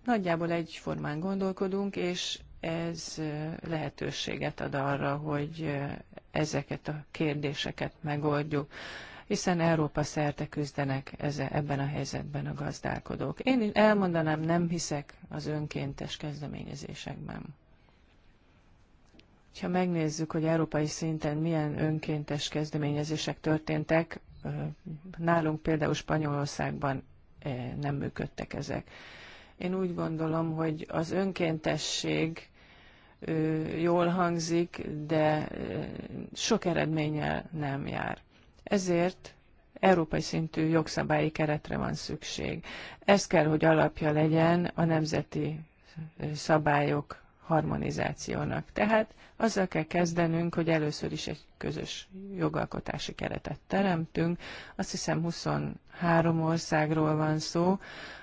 C: nagyjából egyformán gondolkodunk, és ez lehetőséget ad arra, hogy ezeket a kérdéseket megoldjuk, hiszen Európa szerte küzdenek eze, ebben a helyzetben a gazdálkodók. Én elmondanám, nem hiszek az önkéntes kezdeményezésekben. Ha megnézzük, hogy európai szinten milyen önkéntes kezdeményezések történtek, nálunk például Spanyolországban nem működtek ezek. Én úgy gondolom, hogy az önkéntesség jól hangzik, de sok eredménnyel nem jár. Ezért európai szintű jogszabályi keretre van szükség. Ez kell, hogy alapja legyen a nemzeti szabályok harmonizációnak. Tehát azzal kell kezdenünk, hogy először is egy közös jogalkotási keretet teremtünk. Azt hiszem 23 országról van szó.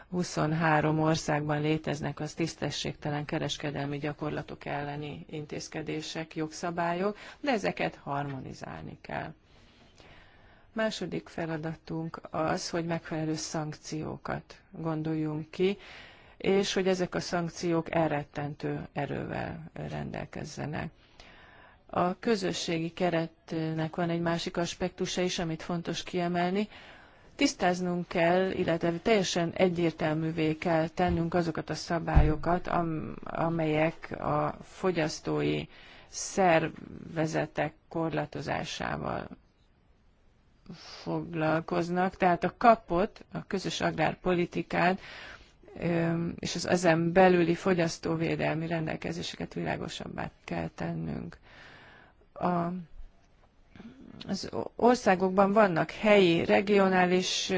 C: 23 országban léteznek az tisztességtelen kereskedelmi gyakorlatok elleni intézkedések, jogszabályok, de ezeket harmonizálni kell. Második feladatunk az, hogy megfelelő szankciókat gondoljunk ki és hogy ezek a szankciók elrettentő erővel rendelkezzenek. A közösségi keretnek van egy másik aspektusa is, amit fontos kiemelni. Tisztáznunk kell, illetve teljesen egyértelművé kell tennünk azokat a szabályokat, amelyek a fogyasztói szervezetek korlátozásával foglalkoznak. Tehát a kapot, a közös agrárpolitikát és az ezen belüli fogyasztóvédelmi rendelkezéseket világosabbá kell tennünk. A, az országokban vannak helyi, regionális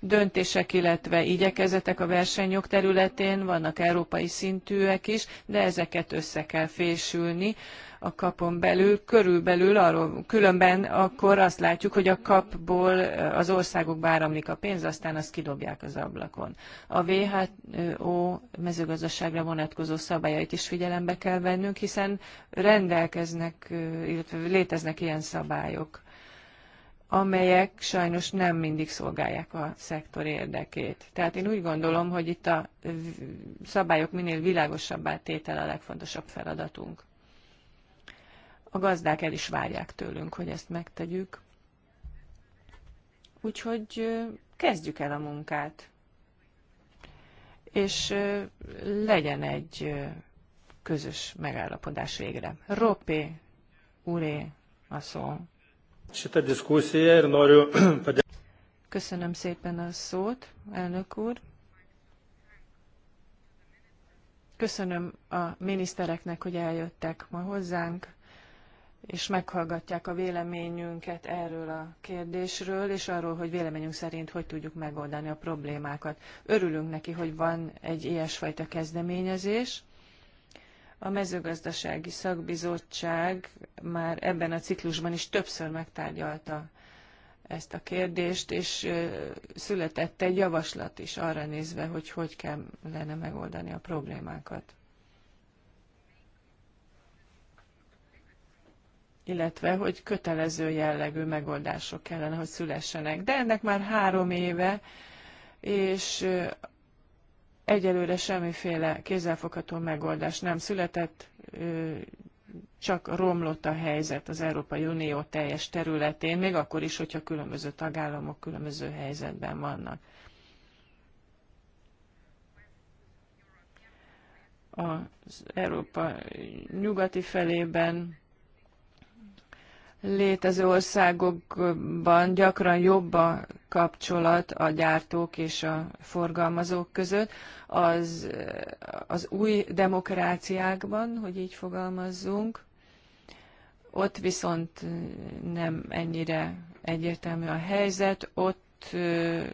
C: döntések, illetve igyekezetek a versenyjog területén, vannak európai szintűek is, de ezeket össze kell fésülni a kapon belül, körülbelül arról, különben akkor azt látjuk, hogy a kapból az országok áramlik a pénz, aztán azt kidobják az ablakon. A WHO mezőgazdaságra vonatkozó szabályait is figyelembe kell vennünk, hiszen rendelkeznek, illetve léteznek ilyen szabályok amelyek sajnos nem mindig szolgálják a szektor érdekét. Tehát én úgy gondolom, hogy itt a szabályok minél világosabbá tétele a legfontosabb feladatunk. A gazdák el is várják tőlünk, hogy ezt megtegyük. Úgyhogy kezdjük el a munkát. És legyen egy közös megállapodás végre. Ropé, uré a szó. Köszönöm szépen a szót, elnök úr. Köszönöm a minisztereknek, hogy eljöttek ma hozzánk, és meghallgatják a véleményünket erről a kérdésről, és arról, hogy véleményünk szerint hogy tudjuk megoldani a problémákat. Örülünk neki, hogy van egy ilyesfajta kezdeményezés, a mezőgazdasági szakbizottság már ebben a ciklusban is többször megtárgyalta ezt a kérdést, és született egy javaslat is arra nézve, hogy hogy kellene megoldani a problémákat. illetve hogy kötelező jellegű megoldások kellene, hogy szülessenek. De ennek már három éve, és Egyelőre semmiféle kézzelfogható megoldás nem született, csak romlott a helyzet az Európai Unió teljes területén, még akkor is, hogyha különböző tagállamok különböző helyzetben vannak. Az Európa nyugati felében létező országokban gyakran jobb a kapcsolat a gyártók és a forgalmazók között, az, az új demokráciákban, hogy így fogalmazzunk, ott viszont nem ennyire egyértelmű a helyzet, ott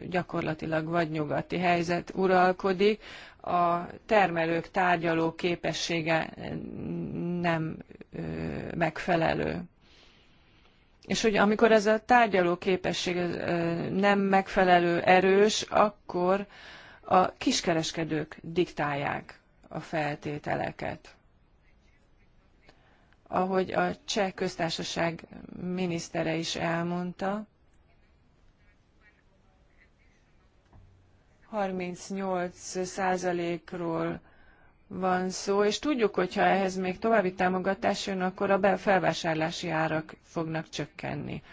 C: gyakorlatilag vagy nyugati helyzet uralkodik, a termelők tárgyaló képessége nem megfelelő. És hogy amikor ez a tárgyaló képesség nem megfelelő erős, akkor a kiskereskedők diktálják a feltételeket. Ahogy a cseh köztársaság minisztere is elmondta, 38 százalékról van szó, és tudjuk, hogy ha ehhez még további támogatás jön, akkor a felvásárlási árak fognak csökkenni.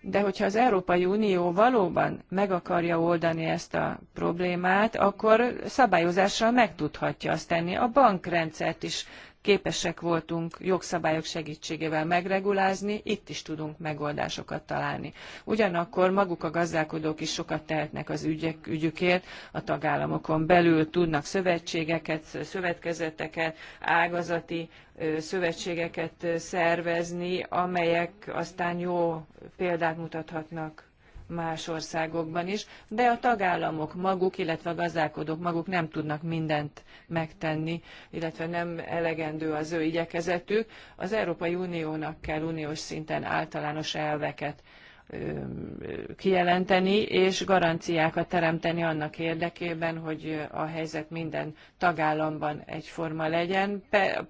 C: De hogyha az Európai Unió valóban meg akarja oldani ezt a problémát, akkor szabályozással meg tudhatja azt tenni. A bankrendszert is képesek voltunk jogszabályok segítségével megregulázni, itt is tudunk megoldásokat találni. Ugyanakkor maguk a gazdálkodók is sokat tehetnek az ügyek, ügyükért, a tagállamokon belül tudnak szövetségeket, szövetkezeteket, ágazati szövetségeket szervezni, amelyek aztán jó példát mutathatnak más országokban is, de a tagállamok maguk, illetve a gazdálkodók maguk nem tudnak mindent megtenni, illetve nem elegendő az ő igyekezetük. Az Európai Uniónak kell uniós szinten általános elveket kijelenteni, és garanciákat teremteni annak érdekében, hogy a helyzet minden tagállamban egyforma legyen.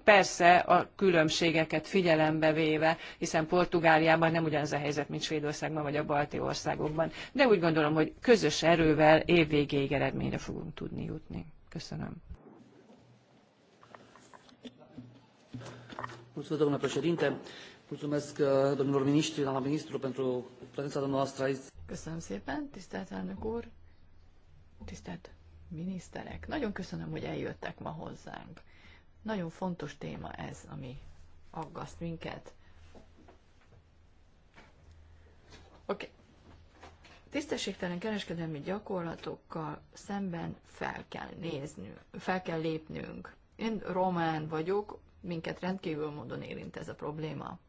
C: Persze a különbségeket figyelembe véve, hiszen Portugáliában nem ugyanaz a helyzet, mint Svédországban vagy a balti országokban. De úgy gondolom, hogy közös erővel évvégéig eredményre fogunk tudni jutni. Köszönöm.
A: Mulțumesc, domnule președinte. Mulțumesc, uh, domnilor miniștri, doamna ministru, pentru prezența noastră aici.
D: Köszönöm szépen, tisztelt elnök úr, tisztelt miniszterek. Nagyon köszönöm, hogy eljöttek ma hozzánk. Nagyon fontos téma ez, ami aggaszt minket. Oké. Okay. Tisztességtelen kereskedelmi gyakorlatokkal szemben fel kell néznünk, fel kell lépnünk. Én román vagyok, minket rendkívül módon érint ez a probléma.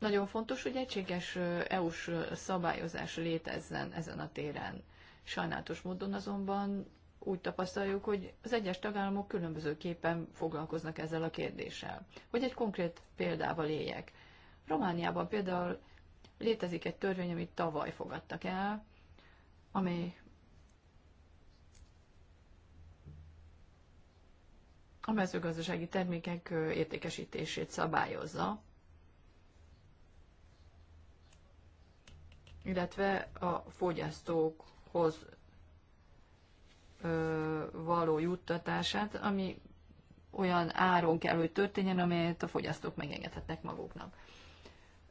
D: Nagyon fontos, hogy egységes EU-s szabályozás létezzen ezen a téren. Sajnálatos módon azonban úgy tapasztaljuk, hogy az egyes tagállamok különbözőképpen foglalkoznak ezzel a kérdéssel. Hogy egy konkrét példával éljek. Romániában például létezik egy törvény, amit tavaly fogadtak el, ami a mezőgazdasági termékek értékesítését szabályozza, illetve a fogyasztókhoz ö, való juttatását, ami olyan áron kell, hogy történjen, amelyet a fogyasztók megengedhetnek maguknak.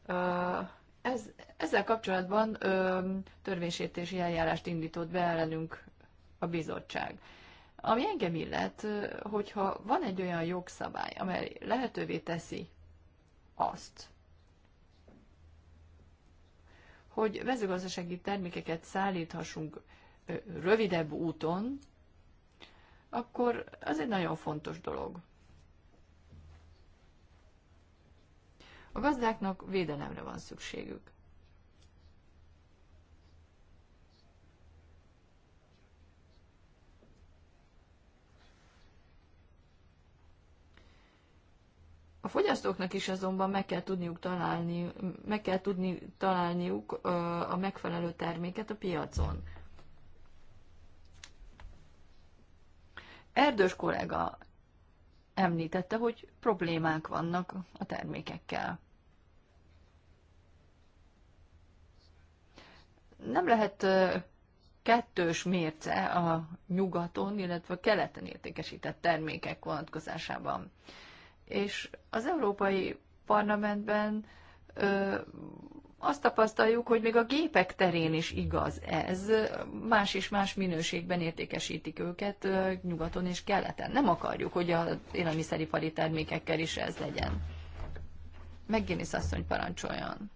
D: Ö, ez, ezzel kapcsolatban ö, törvénysértési eljárást indított be ellenünk a bizottság. Ami engem illet, hogyha van egy olyan jogszabály, amely lehetővé teszi azt, hogy mezőgazdasági termékeket szállíthassunk rövidebb úton, akkor az egy nagyon fontos dolog. A gazdáknak védelemre van szükségük. fogyasztóknak is azonban meg kell tudniuk találni, meg kell tudni találniuk a megfelelő terméket a piacon. Erdős kollega említette, hogy problémák vannak a termékekkel. Nem lehet kettős mérce a nyugaton, illetve a keleten értékesített termékek vonatkozásában és az Európai Parlamentben ö, azt tapasztaljuk, hogy még a gépek terén is igaz ez. Más és más minőségben értékesítik őket nyugaton és keleten. Nem akarjuk, hogy az élelmiszeripari termékekkel is ez legyen. Meggénisz asszony parancsoljon.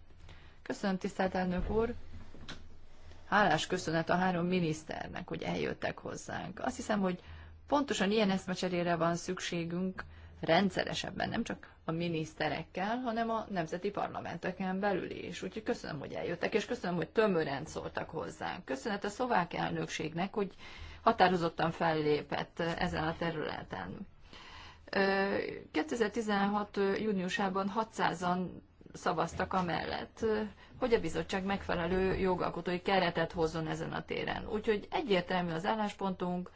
D: Köszönöm, tisztelt elnök úr. Hálás köszönet a három miniszternek, hogy eljöttek hozzánk. Azt hiszem, hogy pontosan ilyen eszmecserére van szükségünk, rendszeresebben, nem csak a miniszterekkel, hanem a nemzeti parlamenteken belül is. Úgyhogy köszönöm, hogy eljöttek, és köszönöm, hogy tömören szóltak hozzánk. Köszönet a szlovák elnökségnek, hogy határozottan fellépett ezen a területen. 2016. júniusában 600-an szavaztak amellett, hogy a bizottság megfelelő jogalkotói keretet hozzon ezen a téren. Úgyhogy egyértelmű az álláspontunk,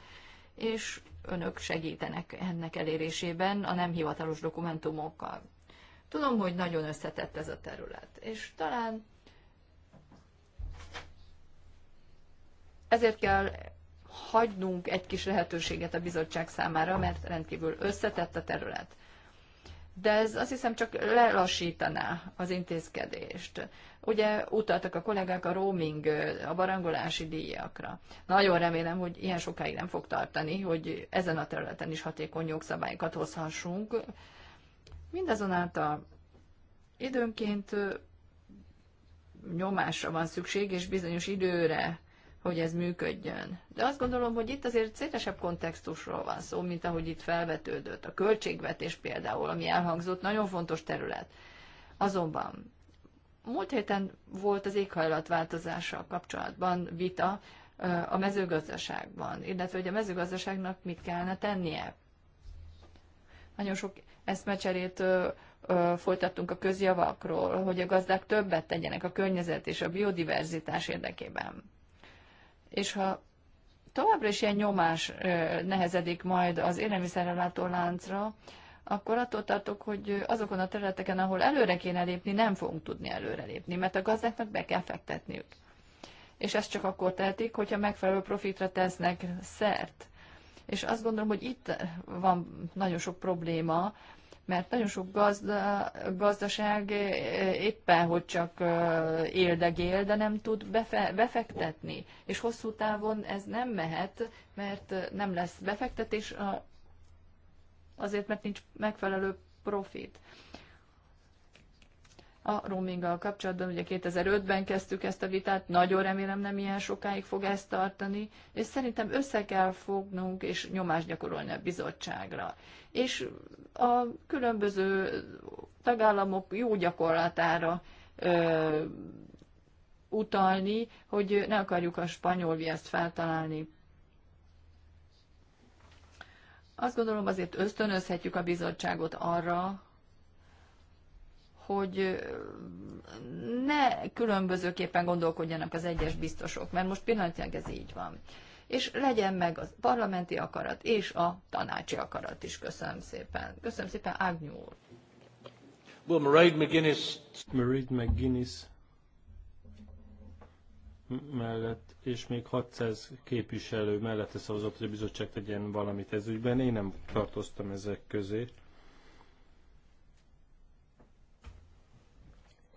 D: és önök segítenek ennek elérésében a nem hivatalos dokumentumokkal. Tudom, hogy nagyon összetett ez a terület, és talán ezért kell hagynunk egy kis lehetőséget a bizottság számára, mert rendkívül összetett a terület de ez azt hiszem csak lelassítaná az intézkedést. Ugye utaltak a kollégák a roaming, a barangolási díjakra. Nagyon remélem, hogy ilyen sokáig nem fog tartani, hogy ezen a területen is hatékony jogszabályokat hozhassunk. Mindazonáltal időnként nyomásra van szükség, és bizonyos időre hogy ez működjön. De azt gondolom, hogy itt azért szélesebb kontextusról van szó, mint ahogy itt felvetődött. A költségvetés például, ami elhangzott, nagyon fontos terület. Azonban múlt héten volt az éghajlatváltozással kapcsolatban vita a mezőgazdaságban, illetve hogy a mezőgazdaságnak mit kellene tennie. Nagyon sok eszmecserét folytattunk a közjavakról, hogy a gazdák többet tegyenek a környezet és a biodiverzitás érdekében és ha továbbra is ilyen nyomás nehezedik majd az élelmiszerrelátó láncra, akkor attól tartok, hogy azokon a területeken, ahol előre kéne lépni, nem fogunk tudni előrelépni, mert a gazdáknak be kell fektetniük. És ezt csak akkor tehetik, hogyha megfelelő profitra tesznek szert. És azt gondolom, hogy itt van nagyon sok probléma, mert nagyon sok gazda, gazdaság eh, éppen, hogy csak eh, éldegél, de nem tud befe, befektetni. És hosszú távon ez nem mehet, mert eh, nem lesz befektetés, azért, mert nincs megfelelő profit a roaminggal kapcsolatban. Ugye 2005-ben kezdtük ezt a vitát, nagyon remélem nem ilyen sokáig fog ezt tartani, és szerintem össze kell fognunk és nyomást gyakorolni a bizottságra. És a különböző tagállamok jó gyakorlatára ö, utalni, hogy ne akarjuk a spanyol viaszt feltalálni. Azt gondolom azért ösztönözhetjük a bizottságot arra, hogy ne különbözőképpen gondolkodjanak az egyes biztosok, mert most pillanatnyilag ez így van. És legyen meg a parlamenti akarat és a tanácsi akarat is. Köszönöm szépen. Köszönöm szépen, Ágnyú úr.
B: Well, Mairead McGuinness. Mairead McGuinness mellett, és még 600 képviselő mellett szavazott, hogy a bizottság tegyen valamit ez ügyben. Én nem tartoztam ezek közé.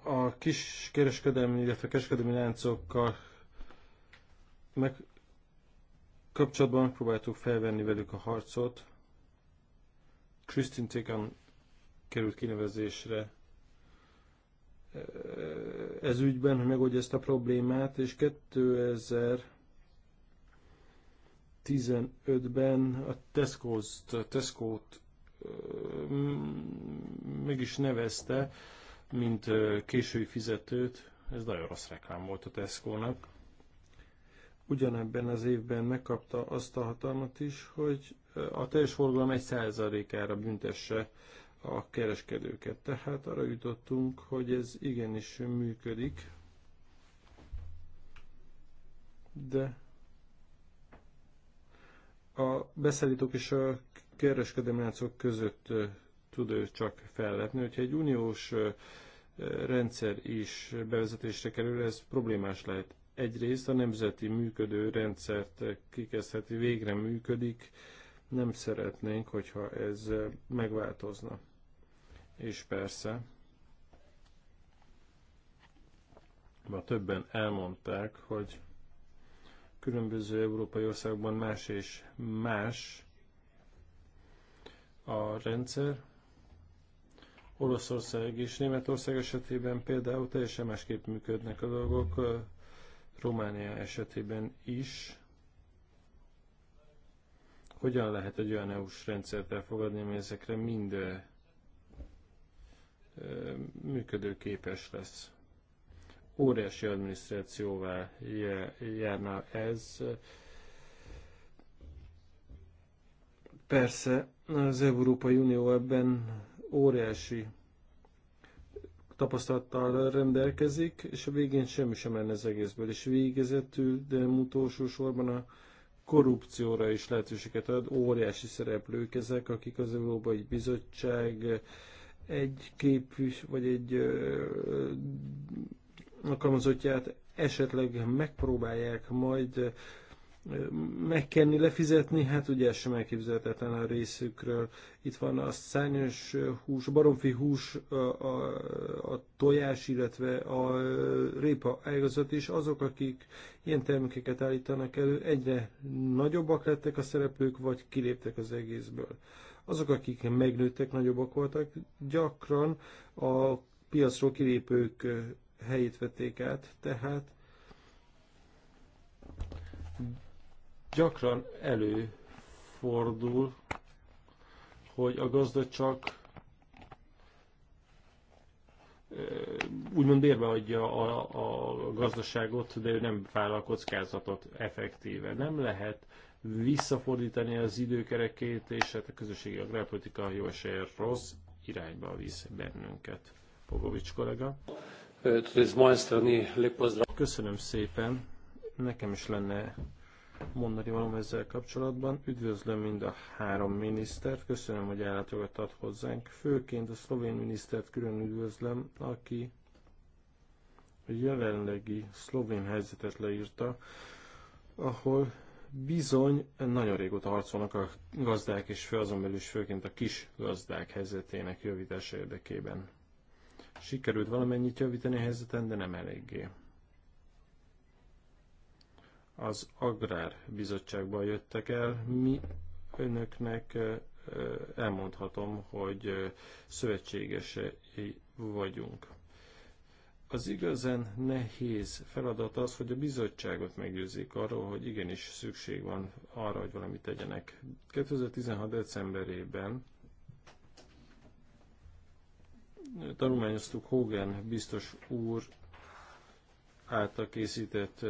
B: a kis kereskedelmi, illetve kereskedelmi láncokkal meg kapcsolatban megpróbáltuk felvenni velük a harcot. Kristin Tékan került kinevezésre eh, ez ügyben, hogy megoldja ezt a problémát, és 2015-ben a Tesco-t, Tesco-t eh, meg is nevezte mint késői fizetőt, ez nagyon rossz reklám volt a Tesco-nak. Ugyanebben az évben megkapta azt a hatalmat is, hogy a teljes forgalom egy százalékára büntesse a kereskedőket. Tehát arra jutottunk, hogy ez igenis működik, de a beszállítók és a kereskedelmi között tud ő csak fellepni. Hogyha egy uniós rendszer is bevezetésre kerül, ez problémás lehet. Egyrészt a nemzeti működő rendszert kikezdheti, végre működik, nem szeretnénk, hogyha ez megváltozna. És persze, ma többen elmondták, hogy különböző európai országban más és más a rendszer, Olaszország és Németország esetében például teljesen másképp működnek a dolgok, Románia esetében is. Hogyan lehet egy olyan EU-s rendszert elfogadni, ami ezekre mind működőképes lesz? Óriási adminisztrációvá járna ez. Persze, az Európai Unió ebben óriási tapasztalattal rendelkezik, és a végén semmi sem lenne az egészből. És végezetül, de nem utolsó sorban a korrupcióra is lehetőséget ad. Óriási szereplők ezek, akik az Európai Bizottság egy képvis, vagy egy ö, alkalmazottját esetleg megpróbálják majd megkenni, lefizetni, hát ugye ez sem elképzelhetetlen a részükről. Itt van a szányos hús, a baromfi hús, a, a, a tojás, illetve a répa ágazat is. Azok, akik ilyen termékeket állítanak elő, egyre nagyobbak lettek a szereplők, vagy kiléptek az egészből. Azok, akik megnőttek, nagyobbak voltak, gyakran a piacról kilépők helyét vették át, tehát Gyakran előfordul, hogy a gazda csak úgymond bérbe adja a, a gazdaságot, de ő nem vállal kockázatot effektíve. Nem lehet visszafordítani az időkerekét, és hát a közösségi agrárpolitika jó esélye rossz irányba visz bennünket. Pogovics kollega. Köszönöm szépen. Nekem is lenne mondani valam ezzel kapcsolatban. Üdvözlöm mind a három minisztert, köszönöm, hogy ellátogatott hozzánk. Főként a szlovén minisztert külön üdvözlöm, aki a jelenlegi szlovén helyzetet leírta, ahol bizony nagyon régóta harcolnak a gazdák, és fő azon belül is főként a kis gazdák helyzetének javítása érdekében. Sikerült valamennyit javítani a helyzeten, de nem eléggé az Agrárbizottságban jöttek el. Mi önöknek elmondhatom, hogy szövetségesei vagyunk. Az igazán nehéz feladat az, hogy a bizottságot meggyőzik arról, hogy igenis szükség van arra, hogy valamit tegyenek. 2016. decemberében tanulmányoztuk Hogan biztos úr által készített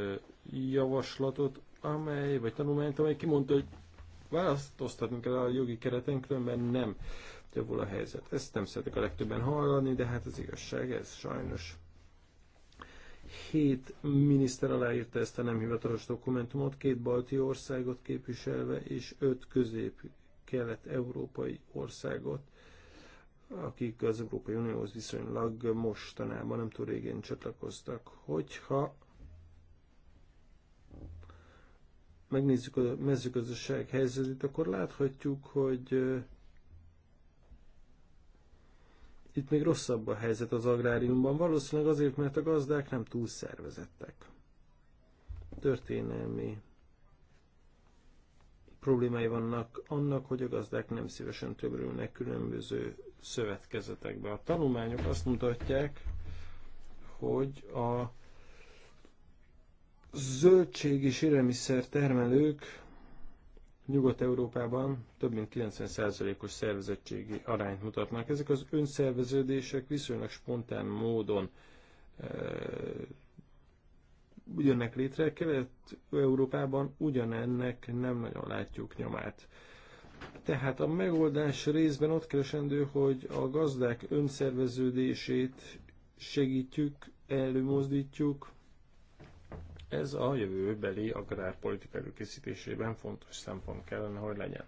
B: javaslatot, amely, vagy tanulmányt, amely kimondta, hogy választoztatni kell a jogi kereten, mert nem javul a helyzet. Ezt nem szeretek a legtöbben hallani, de hát az igazság ez sajnos. Hét miniszter aláírta ezt a nem hivatalos dokumentumot, két balti országot képviselve, és öt közép-kelet-európai országot akik az Európai Unióhoz viszonylag mostanában, nem túl régén csatlakoztak. Hogyha megnézzük a mezőgazdaság helyzetét, akkor láthatjuk, hogy itt még rosszabb a helyzet az agráriumban, valószínűleg azért, mert a gazdák nem túl szervezettek. Történelmi problémái vannak annak, hogy a gazdák nem szívesen tömörülnek különböző szövetkezetekbe. A tanulmányok azt mutatják, hogy a zöldség és élelmiszer termelők Nyugat-Európában több mint 90%-os szervezettségi arányt mutatnak. Ezek az önszerveződések viszonylag spontán módon e, jönnek létre. Kelet-Európában ugyanennek nem nagyon látjuk nyomát. Tehát a megoldás részben ott keresendő, hogy a gazdák önszerveződését segítjük, előmozdítjuk. Ez a jövőbeli agrárpolitika előkészítésében fontos szempont kellene, hogy legyen.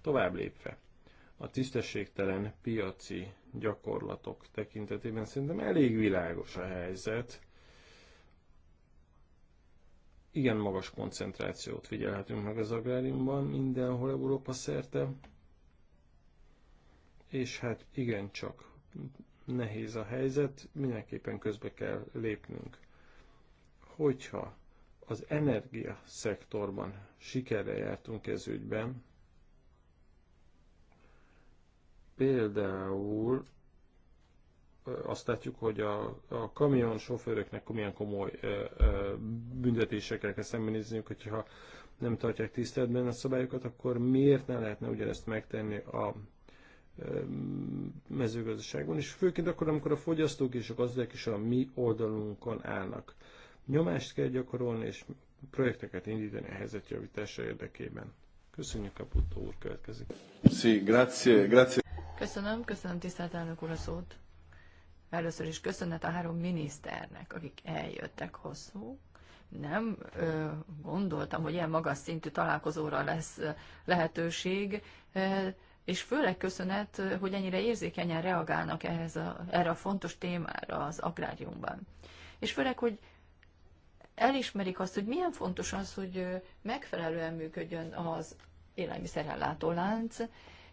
B: Tovább lépve, a tisztességtelen piaci gyakorlatok tekintetében szerintem elég világos a helyzet. Igen magas koncentrációt figyelhetünk meg az agráriumban mindenhol Európa szerte, és hát igencsak nehéz a helyzet, mindenképpen közbe kell lépnünk. Hogyha az energia szektorban sikerre jártunk ez ügyben, például azt látjuk, hogy a, a kamion sofőröknek milyen komoly ö, ö, büntetésekkel kell szembenézniük, hogyha nem tartják tiszteletben a szabályokat, akkor miért ne lehetne ugyanezt megtenni a ö, mezőgazdaságon, és főként akkor, amikor a fogyasztók és a gazdák is a mi oldalunkon állnak. Nyomást kell gyakorolni, és projekteket indítani a helyzetjavítása érdekében. Köszönjük a úr, következik. Sí, grazie, grazie.
D: Köszönöm, köszönöm tisztelt elnök úr a szót. Először is köszönet a három miniszternek, akik eljöttek hosszú. Nem ö, gondoltam, hogy ilyen magas szintű találkozóra lesz lehetőség, és főleg köszönet, hogy ennyire érzékenyen reagálnak ehhez a, erre a fontos témára az agráriumban. És főleg, hogy elismerik azt, hogy milyen fontos az, hogy megfelelően működjön az élelmiszerellátó lánc,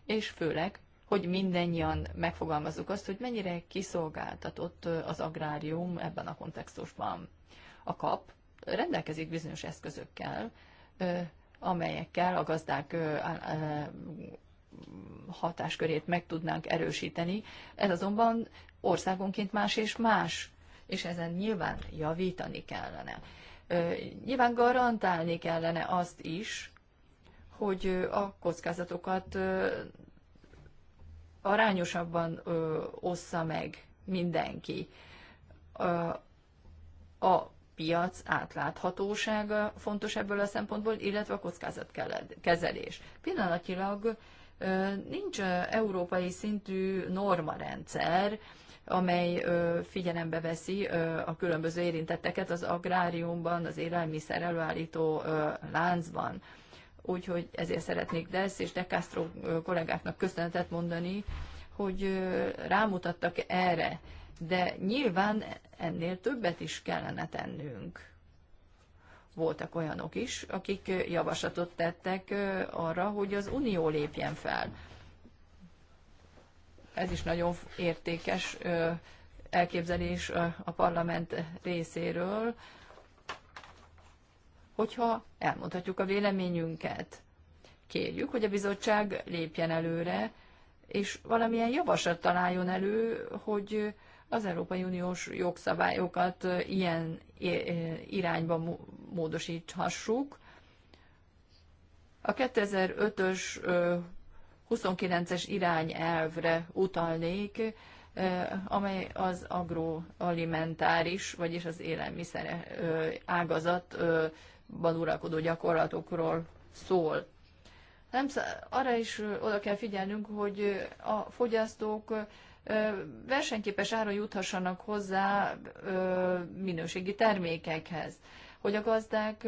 D: és főleg hogy mindannyian megfogalmazzuk azt, hogy mennyire kiszolgáltatott az agrárium ebben a kontextusban. A kap rendelkezik bizonyos eszközökkel, amelyekkel a gazdák hatáskörét meg tudnánk erősíteni. Ez azonban országonként más és más, és ezen nyilván javítani kellene. Nyilván garantálni kellene azt is, hogy a kockázatokat arányosabban ö, ossza meg mindenki. a piac átláthatósága fontos ebből a szempontból, illetve a kockázatkezelés. Pillanatilag nincs európai szintű normarendszer, amely figyelembe veszi a különböző érintetteket az agráriumban, az élelmiszer előállító láncban úgyhogy ezért szeretnék Dess és De Castro kollégáknak köszönetet mondani, hogy rámutattak erre, de nyilván ennél többet is kellene tennünk. Voltak olyanok is, akik javaslatot tettek arra, hogy az Unió lépjen fel. Ez is nagyon értékes elképzelés a parlament részéről, hogyha elmondhatjuk a véleményünket. Kérjük, hogy a bizottság lépjen előre, és valamilyen javaslat találjon elő, hogy az Európai Uniós jogszabályokat ilyen e, e, irányba módosíthassuk. A 2005-ös 29-es irányelvre utalnék, amely az agroalimentáris, vagyis az élelmiszer ágazatban uralkodó gyakorlatokról szól. Nem, arra is oda kell figyelnünk, hogy a fogyasztók versenyképes áron juthassanak hozzá minőségi termékekhez, hogy a gazdák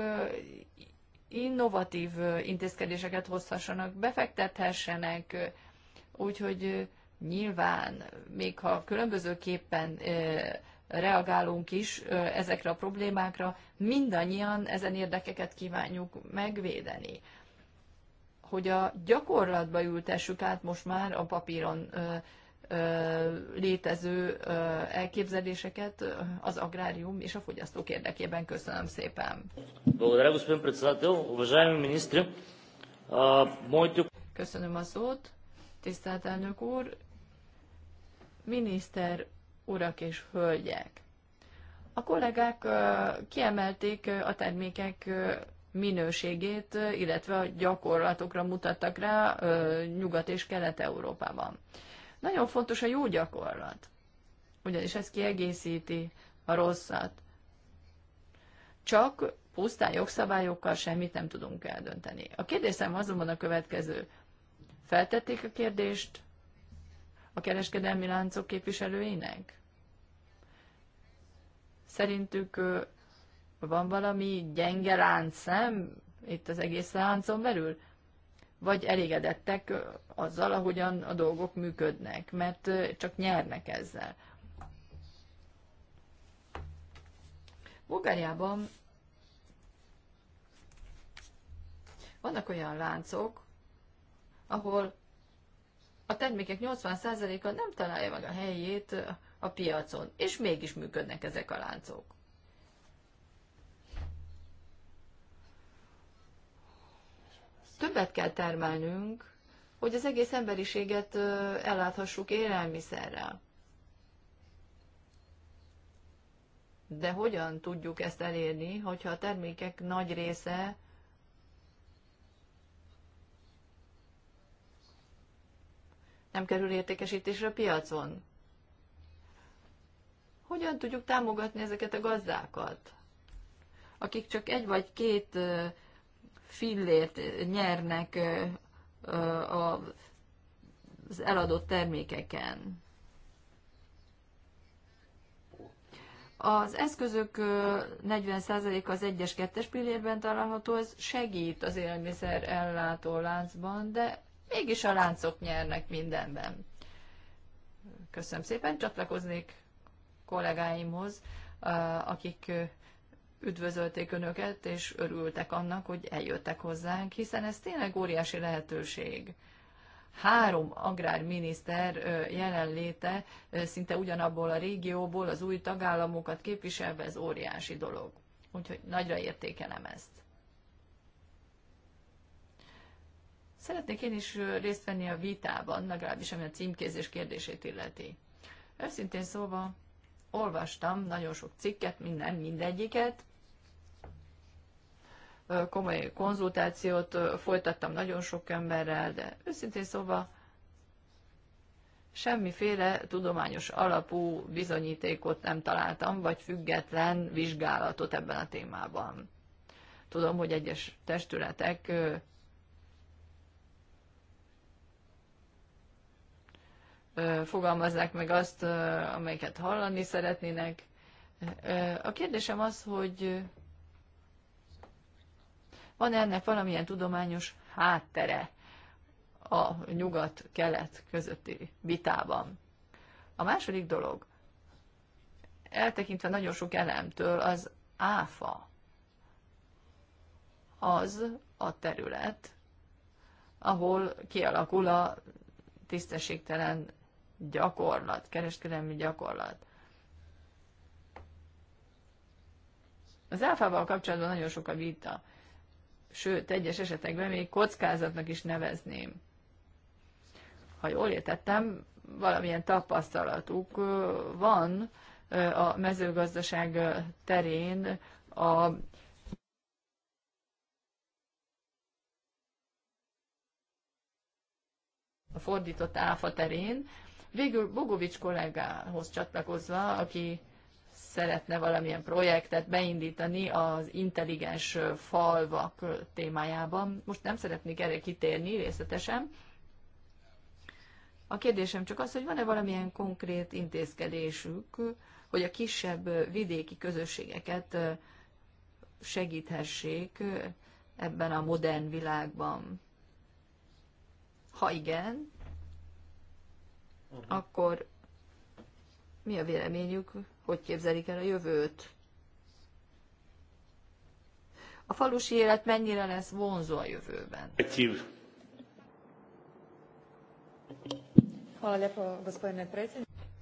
D: innovatív intézkedéseket hozhassanak, befektethessenek, úgyhogy Nyilván, még ha különbözőképpen reagálunk is ezekre a problémákra, mindannyian ezen érdekeket kívánjuk megvédeni. Hogy a gyakorlatba ültessük át most már a papíron létező elképzeléseket az agrárium és a fogyasztók érdekében. Köszönöm szépen. Köszönöm a szót, tisztelt elnök úr, miniszter urak és hölgyek. A kollégák kiemelték a termékek minőségét, illetve a gyakorlatokra mutattak rá Nyugat- és Kelet-Európában. Nagyon fontos a jó gyakorlat, ugyanis ez kiegészíti a rosszat. Csak pusztán jogszabályokkal semmit nem tudunk eldönteni. A kérdésem azonban a következő. Feltették a kérdést, a kereskedelmi láncok képviselőinek? Szerintük van valami gyenge láncszem itt az egész láncon belül? Vagy elégedettek azzal, ahogyan a dolgok működnek, mert csak nyernek ezzel? Bulgáriában vannak olyan láncok, ahol a termékek 80%-a nem találja meg a helyét a piacon, és mégis működnek ezek a láncok. Többet kell termelnünk, hogy az egész emberiséget elláthassuk élelmiszerrel. De hogyan tudjuk ezt elérni, hogyha a termékek nagy része nem kerül értékesítésre a piacon. Hogyan tudjuk támogatni ezeket a gazdákat, akik csak egy vagy két fillért nyernek az eladott termékeken? Az eszközök 40% az 1-es, 2-es pillérben található, ez segít az élelmiszer ellátó láncban, de Mégis a láncok nyernek mindenben. Köszönöm szépen, csatlakoznék kollégáimhoz, akik üdvözölték önöket, és örültek annak, hogy eljöttek hozzánk, hiszen ez tényleg óriási lehetőség. Három agrárminiszter jelenléte szinte ugyanabból a régióból, az új tagállamokat képviselve, ez óriási dolog. Úgyhogy nagyra értékelem ezt. Szeretnék én is részt venni a vitában, legalábbis ami a címkézés kérdését illeti. Őszintén szóval olvastam nagyon sok cikket, minden, mindegyiket. Komoly konzultációt folytattam nagyon sok emberrel, de őszintén szóval semmiféle tudományos alapú bizonyítékot nem találtam, vagy független vizsgálatot ebben a témában. Tudom, hogy egyes testületek fogalmaznák meg azt, amelyeket hallani szeretnének. A kérdésem az, hogy van -e ennek valamilyen tudományos háttere a nyugat-kelet közötti vitában? A második dolog, eltekintve nagyon sok elemtől, az áfa az a terület, ahol kialakul a tisztességtelen gyakorlat, kereskedelmi gyakorlat. Az áfával kapcsolatban nagyon sok a vita, sőt, egyes esetekben még kockázatnak is nevezném. Ha jól értettem, valamilyen tapasztalatuk van a mezőgazdaság terén a a fordított áfa terén, Végül Bogovics kollégához csatlakozva, aki szeretne valamilyen projektet beindítani az intelligens falvak témájában. Most nem szeretnék erre kitérni részletesen. A kérdésem csak az, hogy van-e valamilyen konkrét intézkedésük, hogy a kisebb vidéki közösségeket segíthessék ebben a modern világban. Ha igen, akkor mi a véleményük, hogy képzelik el a jövőt? A falusi élet mennyire lesz vonzó a jövőben?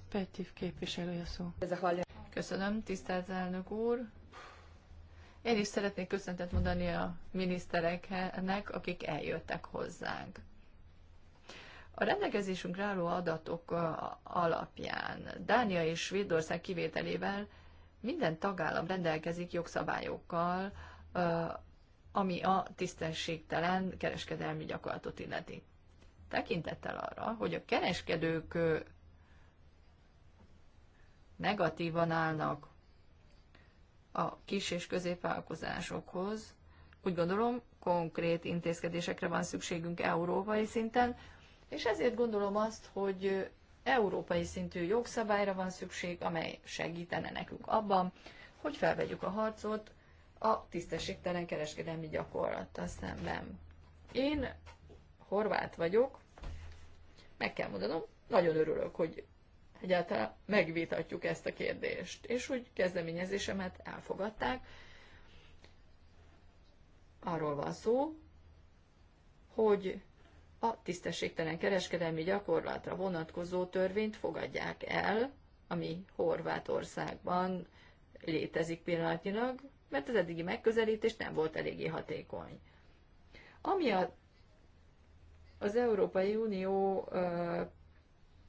D: Petív képviselője szó. Köszönöm, tisztelt elnök úr. Én is szeretnék köszöntet mondani a minisztereknek, akik eljöttek hozzánk. A rendelkezésünkre álló adatok alapján Dánia és Svédország kivételével minden tagállam rendelkezik jogszabályokkal, ami a tisztességtelen kereskedelmi gyakorlatot illeti. Tekintettel arra, hogy a kereskedők negatívan állnak a kis és középvállalkozásokhoz, úgy gondolom konkrét intézkedésekre van szükségünk európai szinten, és ezért gondolom azt, hogy európai szintű jogszabályra van szükség, amely segítene nekünk abban, hogy felvegyük a harcot a tisztességtelen kereskedelmi gyakorlattal szemben. Én horvát vagyok, meg kell mondanom, nagyon örülök, hogy egyáltalán megvitatjuk ezt a kérdést, és hogy kezdeményezésemet elfogadták. Arról van szó, hogy a tisztességtelen kereskedelmi gyakorlatra vonatkozó törvényt fogadják el, ami Horvátországban létezik pillanatnyilag, mert az eddigi megközelítés nem volt eléggé hatékony. Ami a, az Európai Unió ö,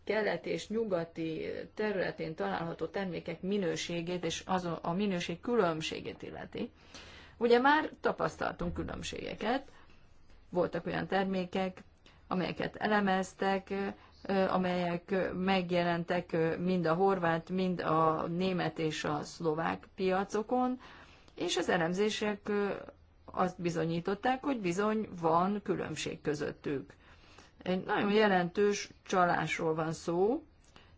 D: kelet és nyugati területén található termékek minőségét és az a minőség különbségét illeti, ugye már tapasztaltunk különbségeket, voltak olyan termékek, amelyeket elemeztek, amelyek megjelentek mind a horvát, mind a német és a szlovák piacokon, és az elemzések azt bizonyították, hogy bizony van különbség közöttük. Egy nagyon jelentős csalásról van szó,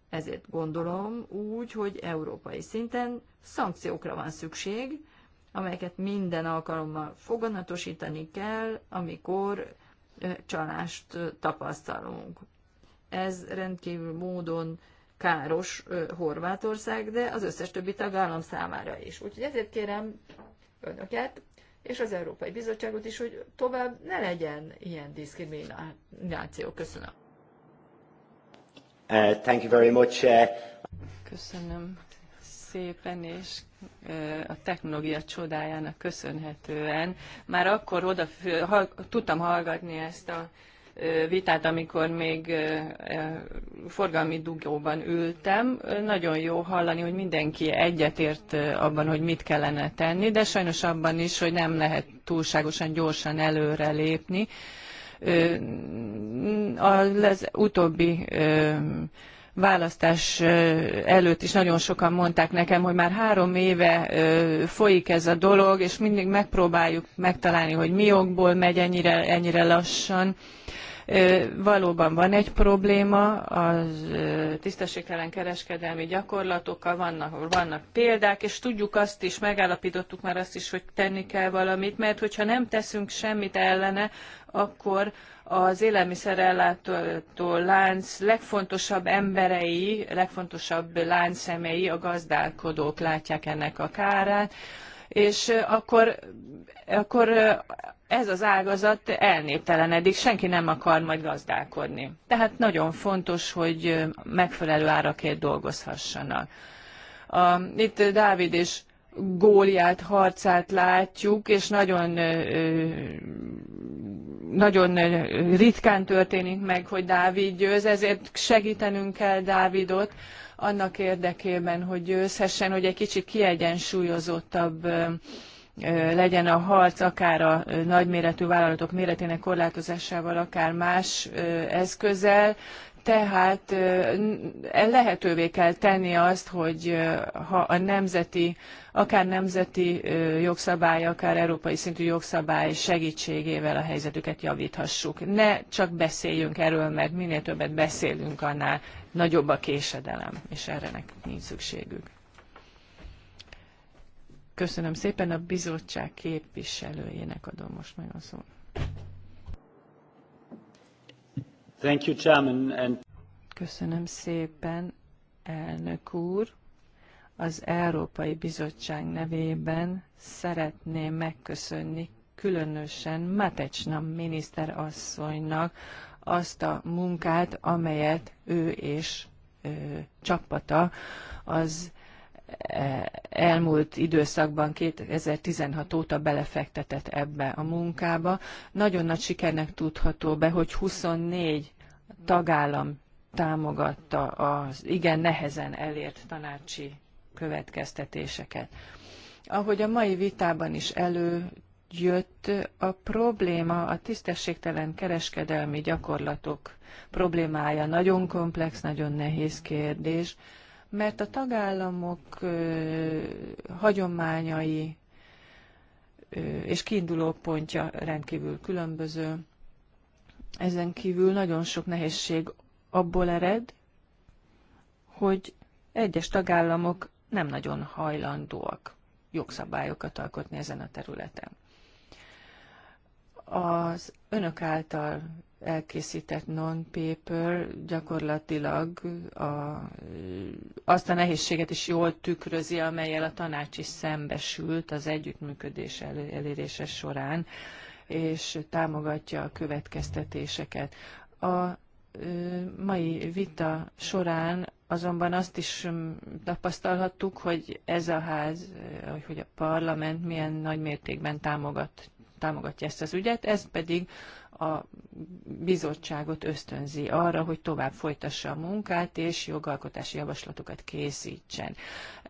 D: ezért gondolom úgy, hogy európai szinten szankciókra van szükség, amelyeket minden alkalommal foganatosítani kell, amikor csalást tapasztalunk. Ez rendkívül módon káros Horvátország, de az összes többi tagállam számára is. Úgyhogy ezért kérem önöket, és az Európai Bizottságot is, hogy tovább ne legyen ilyen diszkrimináció. Köszönöm.
C: Uh, thank you very much. Uh... Köszönöm szépen, és a technológia csodájának köszönhetően már akkor oda ha, tudtam hallgatni ezt a vitát, amikor még forgalmi dugóban ültem. Nagyon jó hallani, hogy mindenki egyetért abban, hogy mit kellene tenni, de sajnos abban is, hogy nem lehet túlságosan gyorsan előrelépni. Az utóbbi választás előtt is nagyon sokan mondták nekem, hogy már három éve folyik ez a dolog, és mindig megpróbáljuk megtalálni, hogy mi okból megy ennyire, ennyire lassan. Valóban van egy probléma, a tisztességtelen kereskedelmi gyakorlatokkal vannak, vannak példák, és tudjuk azt is, megállapítottuk már azt is, hogy tenni kell valamit, mert hogyha nem teszünk semmit ellene, akkor az élelmiszerellátó lánc legfontosabb emberei, legfontosabb láncszemei, a gazdálkodók látják ennek a kárát, és akkor, akkor ez az ágazat elnéptelenedik, senki nem akar majd gazdálkodni. Tehát nagyon fontos, hogy megfelelő árakért dolgozhassanak. A, itt Dávid és Góliát harcát látjuk, és nagyon, nagyon ritkán történik meg, hogy Dávid győz, ezért segítenünk kell Dávidot annak érdekében, hogy győzhessen, hogy egy kicsit kiegyensúlyozottabb legyen a harc, akár a nagyméretű vállalatok méretének korlátozásával, akár más eszközzel tehát lehetővé kell tenni azt, hogy ha a nemzeti, akár nemzeti jogszabály, akár európai szintű jogszabály segítségével a helyzetüket javíthassuk. Ne csak beszéljünk erről, mert minél többet beszélünk, annál nagyobb a késedelem, és erre nincs szükségük. Köszönöm szépen, a bizottság képviselőjének adom most meg a szót.
D: Thank you, Chairman, and...
C: Köszönöm szépen, elnök úr. Az Európai Bizottság nevében szeretném megköszönni különösen Matecsnam miniszter asszonynak azt a munkát, amelyet ő és ö, csapata az elmúlt időszakban 2016 óta belefektetett ebbe a munkába. Nagyon nagy sikernek tudható be, hogy 24 tagállam támogatta az igen nehezen elért tanácsi következtetéseket. Ahogy a mai vitában is előjött, a probléma a tisztességtelen kereskedelmi gyakorlatok problémája. Nagyon komplex, nagyon nehéz kérdés mert a tagállamok hagyományai és kiinduló pontja rendkívül különböző. Ezen kívül nagyon sok nehézség abból ered, hogy egyes tagállamok nem nagyon hajlandóak jogszabályokat alkotni ezen a területen. Az önök által elkészített non-paper gyakorlatilag a, azt a nehézséget is jól tükrözi, amelyel a tanács is szembesült az együttműködés elő, elérése során, és támogatja a következtetéseket. A mai vita során azonban azt is tapasztalhattuk, hogy ez a ház, hogy a parlament milyen nagy mértékben támogat, támogatja ezt az ügyet, ez pedig a bizottságot ösztönzi arra, hogy tovább folytassa a munkát és jogalkotási javaslatokat készítsen.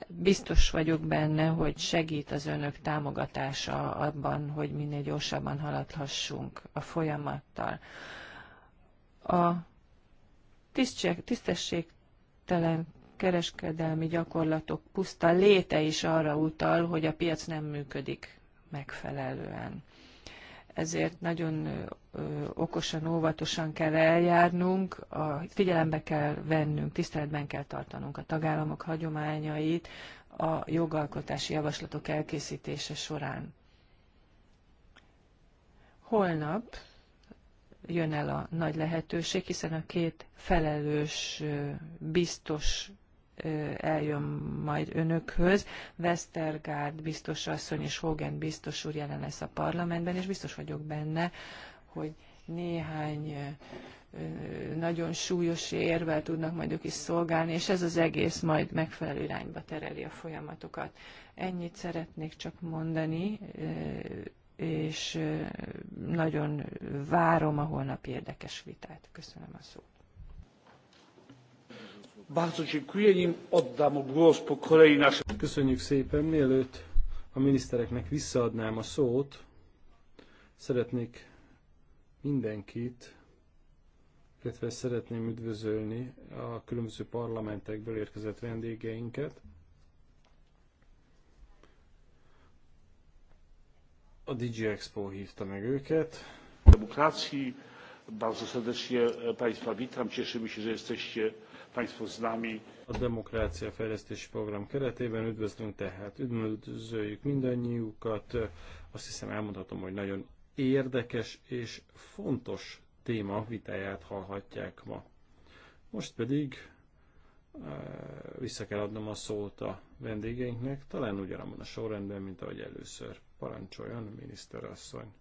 C: Biztos vagyok benne, hogy segít az önök támogatása abban, hogy minél gyorsabban haladhassunk a folyamattal. A tisztességtelen kereskedelmi gyakorlatok puszta léte is arra utal, hogy a piac nem működik megfelelően ezért nagyon okosan, óvatosan kell eljárnunk, a, figyelembe kell vennünk, tiszteletben kell tartanunk a tagállamok hagyományait a jogalkotási javaslatok elkészítése során. Holnap jön el a nagy lehetőség, hiszen a két felelős, biztos eljön majd önökhöz. Westergaard biztos asszony és Hogan biztos úr jelen lesz a parlamentben, és biztos vagyok benne, hogy néhány nagyon súlyos érvel tudnak majd ők is szolgálni, és ez az egész majd megfelelő irányba tereli a folyamatokat. Ennyit szeretnék csak mondani, és nagyon várom a holnap érdekes vitát. Köszönöm a szót.
B: Bardzo dziękuję, nim oddam głos po kolei naszym... Köszönjük szépen, mielőtt a minisztereknek visszaadnám a szót, szeretnék mindenkit, illetve szeretném üdvözölni a különböző parlamentekből érkezett vendégeinket. A Digi Expo hívta meg őket.
A: Demokrácii, bardzo serdecznie e, Państwa witam, cieszymy się, że jesteście
B: Państwo z nami. A Demokrácia Fejlesztési Program keretében üdvözlünk tehát, üdvözöljük mindannyiukat. Azt hiszem elmondhatom, hogy nagyon érdekes és fontos téma vitáját hallhatják ma. Most pedig eh, vissza kell adnom a szót a vendégeinknek, talán ugyanabban a sorrendben, mint ahogy először. Parancsoljon, miniszterasszony!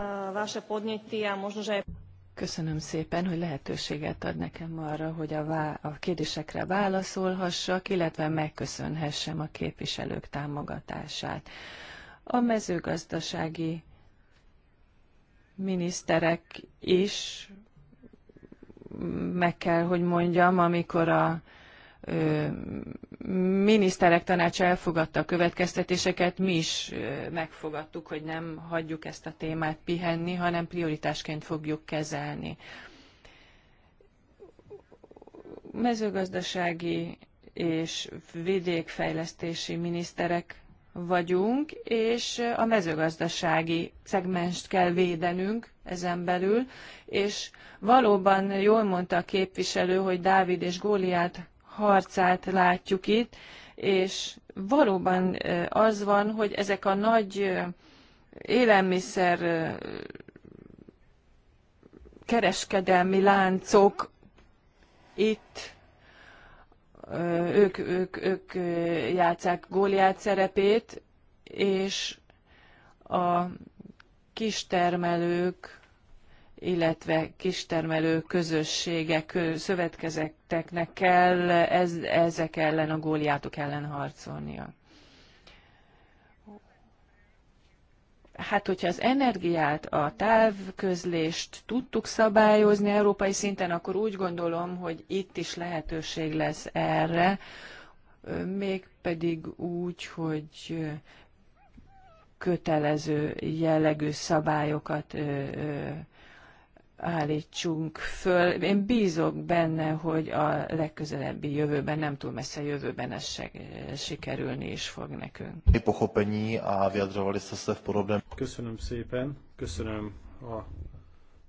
C: Eh, vaše podněty a možno, že Köszönöm szépen, hogy lehetőséget ad nekem arra, hogy a, vá- a kérdésekre válaszolhassak, illetve megköszönhessem a képviselők támogatását. A mezőgazdasági miniszterek is, mm, meg kell, hogy mondjam, amikor a miniszterek tanácsa elfogadta a következtetéseket, mi is megfogadtuk, hogy nem hagyjuk ezt a témát pihenni, hanem prioritásként fogjuk kezelni. Mezőgazdasági és vidékfejlesztési miniszterek vagyunk, és a mezőgazdasági szegmenst kell védenünk ezen belül, és valóban jól mondta a képviselő, hogy Dávid és Góliát harcát látjuk itt, és valóban az van, hogy ezek a nagy élelmiszer kereskedelmi láncok itt ők, ők, ők játszák Góliát szerepét, és a kistermelők illetve kistermelő közösségek, szövetkezeteknek kell ez, ezek ellen, a góliátok ellen harcolnia. hát hogyha az energiát, a távközlést tudtuk szabályozni európai szinten, akkor úgy gondolom, hogy itt is lehetőség lesz erre, mégpedig úgy, hogy kötelező jellegű szabályokat állítsunk föl. Én bízok benne, hogy a legközelebbi jövőben, nem túl messze jövőben ez se, sikerülni is fog nekünk.
B: Köszönöm szépen, köszönöm a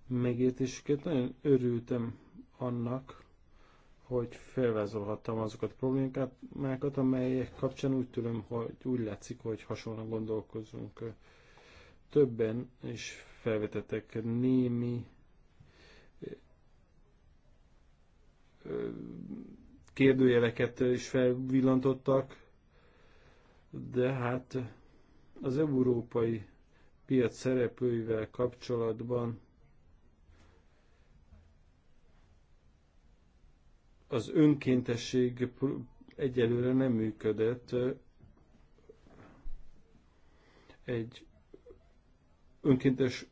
B: megértésüket. Nagyon örültem annak, hogy felvázolhattam azokat a problémákat, amelyek kapcsán úgy tudom, hogy úgy látszik, hogy hasonlóan gondolkozunk. Többen és felvetettek némi kérdőjeleket is felvillantottak, de hát az európai piac szereplőivel kapcsolatban az önkéntesség egyelőre nem működött. Egy önkéntes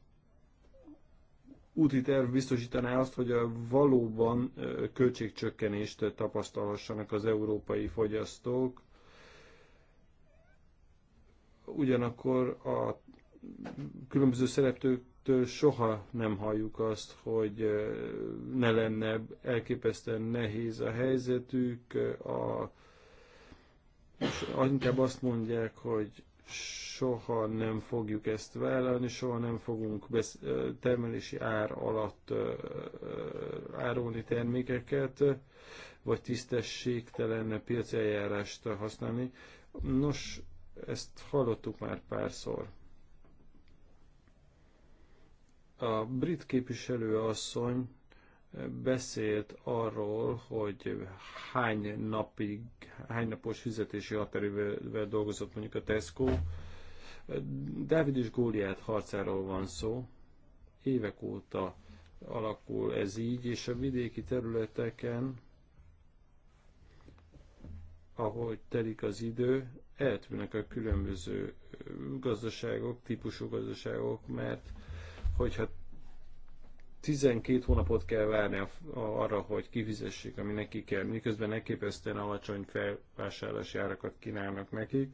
B: úti terv biztosítaná azt, hogy a valóban költségcsökkenést tapasztalhassanak az európai fogyasztók, ugyanakkor a különböző szereplők soha nem halljuk azt, hogy ne lenne elképesztően nehéz a helyzetük, a, és inkább azt mondják, hogy soha nem fogjuk ezt vállalni, soha nem fogunk termelési ár alatt árulni termékeket, vagy tisztességtelen piaceljárást használni. Nos, ezt hallottuk már párszor. A brit képviselő asszony beszélt arról, hogy hány napig, hány napos fizetési határővel dolgozott mondjuk a Tesco. Dávid és Góliát harcáról van szó. Évek óta alakul ez így, és a vidéki területeken, ahogy telik az idő, eltűnnek a különböző gazdaságok, típusú gazdaságok, mert hogyha 12 hónapot kell várni arra, hogy kifizessék, ami neki kell, miközben elképesztően alacsony felvásárlási árakat kínálnak nekik.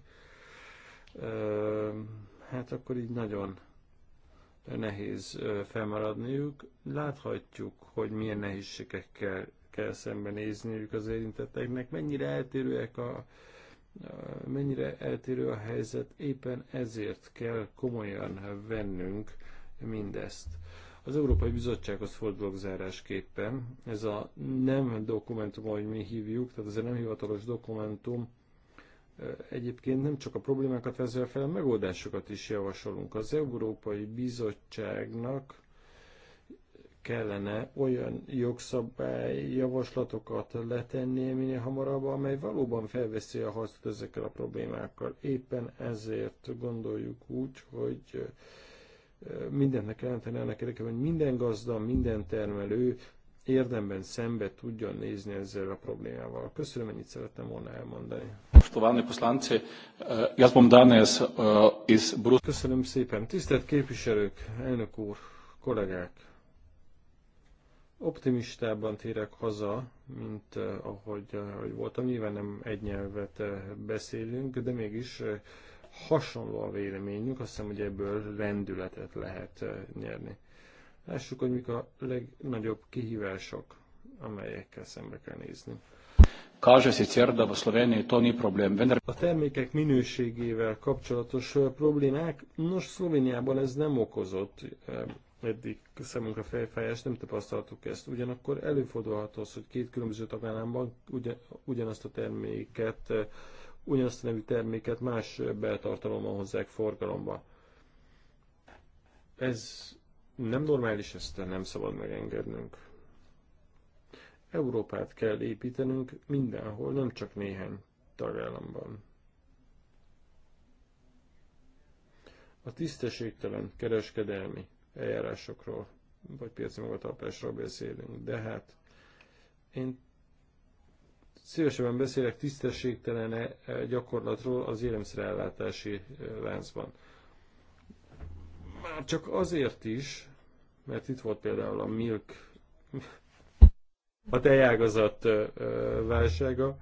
B: Hát akkor így nagyon nehéz felmaradniuk. Láthatjuk, hogy milyen nehézségekkel kell szembenézniük az érintetteknek, mennyire eltérőek a mennyire eltérő a helyzet, éppen ezért kell komolyan vennünk mindezt. Az Európai Bizottsághoz fordulok zárásképpen. Ez a nem dokumentum, ahogy mi hívjuk, tehát ez a nem hivatalos dokumentum, egyébként nem csak a problémákat vezet fel, a megoldásokat is javasolunk. Az Európai Bizottságnak kellene olyan jogszabály javaslatokat letenni, minél hamarabb, amely valóban felveszi a harcot ezekkel a problémákkal. Éppen ezért gondoljuk úgy, hogy mindennek jelenteni annak érdekében, hogy minden gazda, minden termelő érdemben szembe tudjon nézni ezzel a problémával. Köszönöm, ennyit szerettem volna elmondani. Eh, eh, Köszönöm szépen. Tisztelt képviselők, elnök úr, kollégák! Optimistában térek haza, mint eh, ahogy, ahogy voltam. Nyilván nem egy nyelvet beszélünk, de mégis hasonló a véleményünk, azt hiszem, hogy ebből rendületet lehet eh, nyerni. Lássuk, hogy mik a legnagyobb kihívások, amelyekkel szembe kell nézni. Kaže se CER, v Sloveniji to ni Vendar... A termékek minőségével kapcsolatos eh, problémák, nos, Szlovéniában ez nem okozott eh, eddig számunkra fejfájást, nem tapasztaltuk ezt. Ugyanakkor előfordulhat az, hogy két különböző tagállamban ugyanazt a terméket ugyanazt a nevű terméket más beltartalommal hozzák forgalomba. Ez nem normális, ezt nem szabad megengednünk. Európát kell építenünk mindenhol, nem csak néhány tagállamban. A tisztességtelen kereskedelmi eljárásokról vagy piaci magatartásról beszélünk, de hát én szívesebben beszélek tisztességtelen eh, gyakorlatról az élelmiszerellátási eh, láncban. Már csak azért is, mert itt volt például a milk, a tejágazat eh, válsága,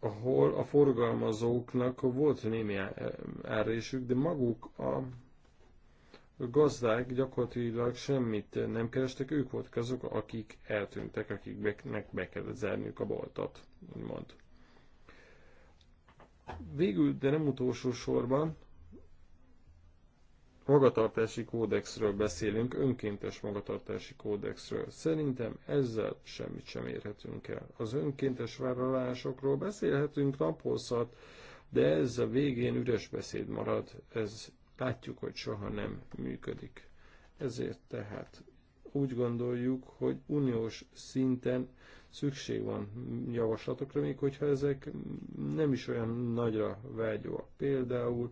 B: ahol a forgalmazóknak volt némi árésük, de maguk a a gazdák gyakorlatilag semmit nem kerestek, ők voltak azok, akik eltűntek, akiknek be kellett zárniuk a boltot, úgymond. Végül, de nem utolsó sorban, magatartási kódexről beszélünk, önkéntes magatartási kódexről. Szerintem ezzel semmit sem érhetünk el. Az önkéntes vállalásokról beszélhetünk naphosszat, de ez a végén üres beszéd marad, ez látjuk, hogy soha nem működik. Ezért tehát úgy gondoljuk, hogy uniós szinten szükség van javaslatokra, még hogyha ezek nem is olyan nagyra vágyóak. Például,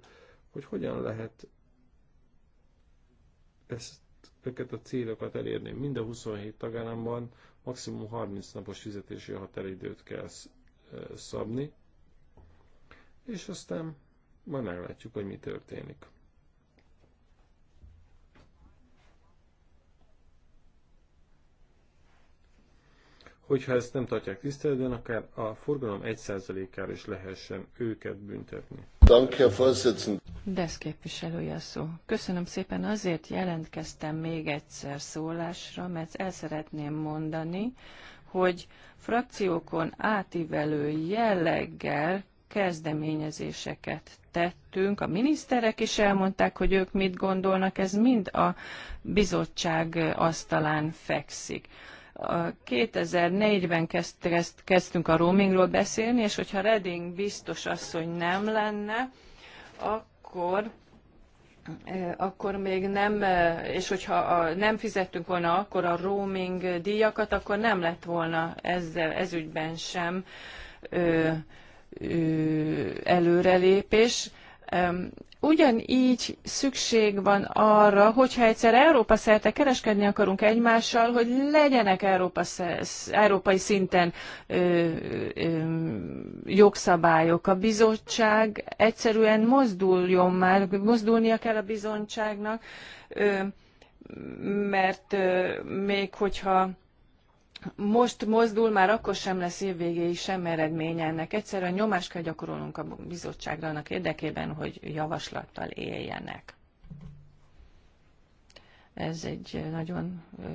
B: hogy hogyan lehet ezt, ezeket a célokat elérni. Mind a 27 tagállamban maximum 30 napos fizetési határidőt kell szabni, és aztán majd meglátjuk, hogy mi történik. hogyha ezt nem tartják tiszteletben, akár a forgalom 1%-ára is lehessen őket büntetni.
C: Desz képviselője szó. Köszönöm szépen, azért jelentkeztem még egyszer szólásra, mert el szeretném mondani, hogy frakciókon átívelő jelleggel kezdeményezéseket tettünk. A miniszterek is elmondták, hogy ők mit gondolnak, ez mind a bizottság asztalán fekszik. 2004-ben kezd, kezd, kezdtünk a roamingról beszélni, és hogyha Reding biztos asszony nem lenne, akkor akkor még nem, és hogyha nem fizettünk volna akkor a roaming díjakat, akkor nem lett volna ezzel, ügyben sem ö, ö, előrelépés. Ugyanígy szükség van arra, hogyha egyszer Európa szerte kereskedni akarunk egymással, hogy legyenek Európa, európai szinten ö, ö, jogszabályok. A bizottság egyszerűen mozduljon már, mozdulnia kell a bizottságnak, ö, mert ö, még hogyha most mozdul, már akkor sem lesz évvégéig sem eredménye ennek. Egyszerűen nyomást kell gyakorolnunk a bizottságra annak érdekében, hogy javaslattal éljenek. Ez egy nagyon ö,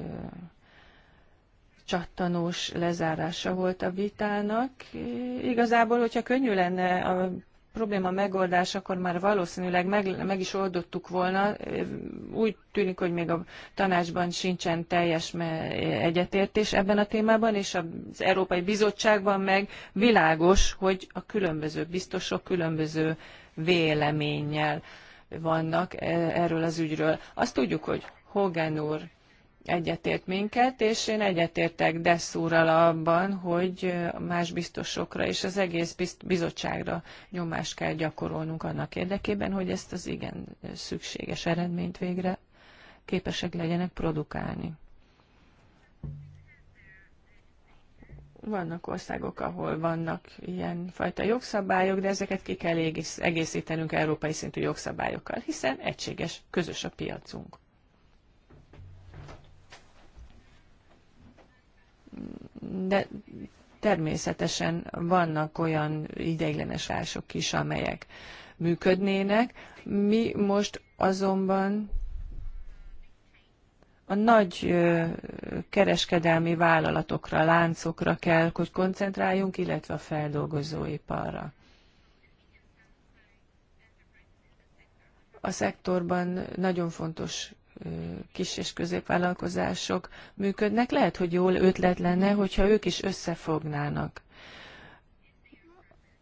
C: csattanós lezárása volt a vitának. Igazából, hogyha könnyű lenne a probléma akkor már valószínűleg meg, meg is oldottuk volna. Úgy tűnik, hogy még a tanácsban sincsen teljes egyetértés ebben a témában, és az Európai Bizottságban meg világos, hogy a különböző biztosok különböző véleménnyel vannak e- erről az ügyről. Azt tudjuk, hogy Hogan úr egyetért minket, és én egyetértek Desszúrral abban, hogy más biztosokra és az egész bizottságra nyomást kell gyakorolnunk annak érdekében, hogy ezt az igen szükséges eredményt végre képesek legyenek produkálni. Vannak országok, ahol vannak ilyen fajta jogszabályok, de ezeket ki kell egészítenünk európai szintű jogszabályokkal, hiszen egységes, közös a piacunk. de természetesen vannak olyan ideiglenes válsok is, amelyek működnének. Mi most azonban a nagy kereskedelmi vállalatokra, láncokra kell, hogy koncentráljunk, illetve a feldolgozóiparra. A szektorban nagyon fontos kis és középvállalkozások működnek. Lehet, hogy jól ötlet lenne, hogyha ők is összefognának.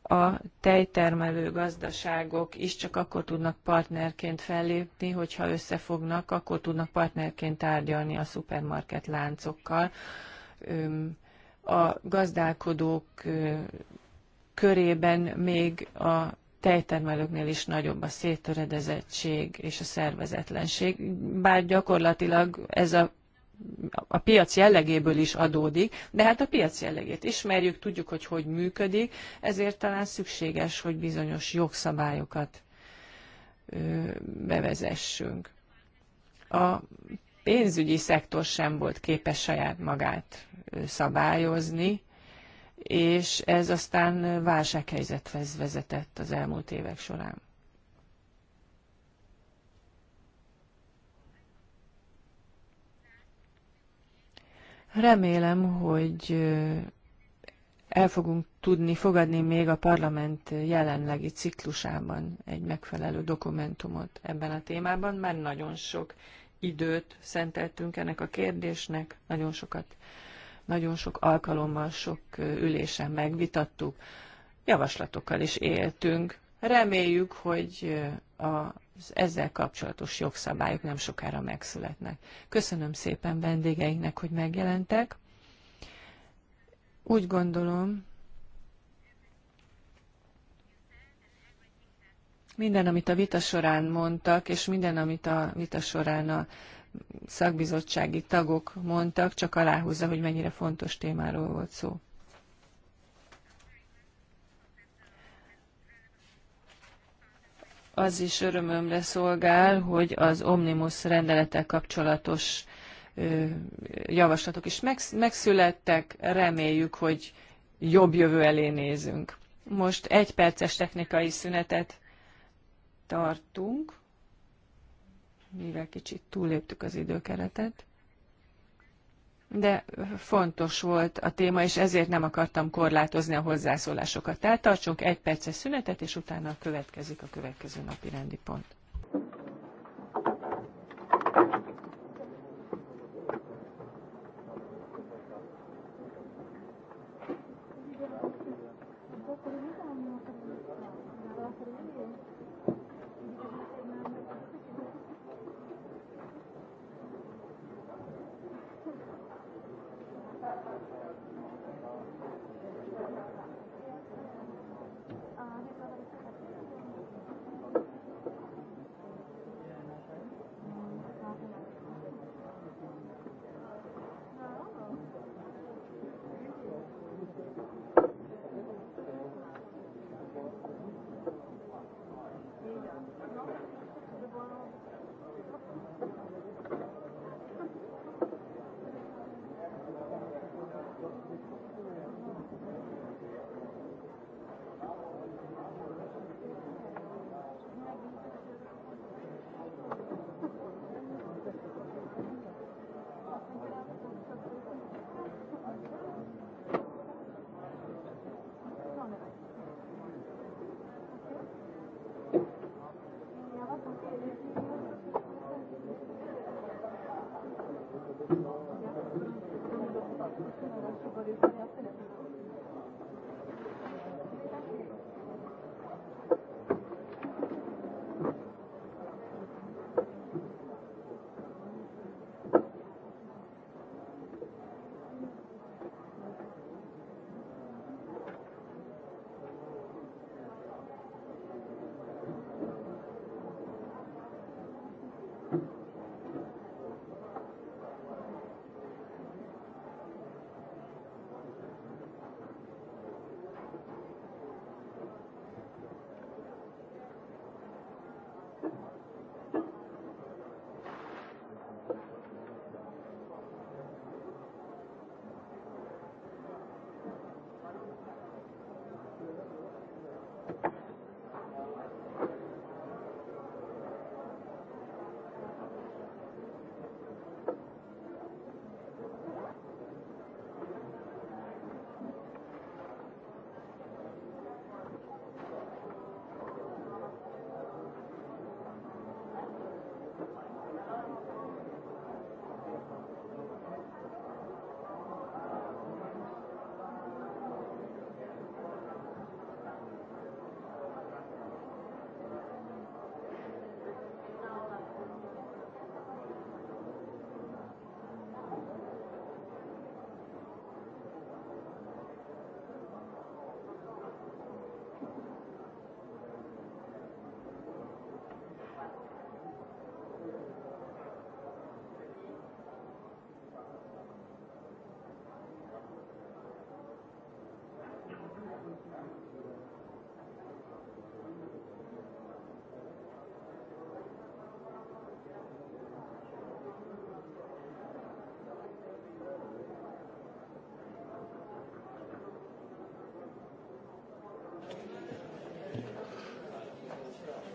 C: A tejtermelő gazdaságok is csak akkor tudnak partnerként fellépni, hogyha összefognak, akkor tudnak partnerként tárgyalni a szupermarket láncokkal. A gazdálkodók körében még a tejtermelőknél is nagyobb a széttöredezettség és a szervezetlenség, bár gyakorlatilag ez a a piac jellegéből is adódik, de hát a piac jellegét ismerjük, tudjuk, hogy hogy működik, ezért talán szükséges, hogy bizonyos jogszabályokat bevezessünk. A pénzügyi szektor sem volt képes saját magát szabályozni, és ez aztán válsághelyzethez vezetett az elmúlt évek során. Remélem, hogy el fogunk tudni fogadni még a parlament jelenlegi ciklusában egy megfelelő dokumentumot ebben a témában, mert nagyon sok időt szenteltünk ennek a kérdésnek, nagyon sokat nagyon sok alkalommal, sok ülésen megvitattuk, javaslatokkal is éltünk. Reméljük, hogy az ezzel kapcsolatos jogszabályok nem sokára megszületnek. Köszönöm szépen vendégeinknek, hogy megjelentek. Úgy gondolom, minden, amit a vita során mondtak, és minden, amit a vita során a szakbizottsági tagok mondtak, csak aláhúzza, hogy mennyire fontos témáról volt szó. Az is örömömre szolgál, hogy az Omnibus rendelettel kapcsolatos javaslatok is megszülettek, reméljük, hogy jobb jövő elé nézünk. Most egy perces technikai szünetet tartunk mivel kicsit túléptük az időkeretet. De fontos volt a téma, és ezért nem akartam korlátozni a hozzászólásokat. Tehát tartsunk egy perces szünetet, és utána következik a következő napi rendi pont.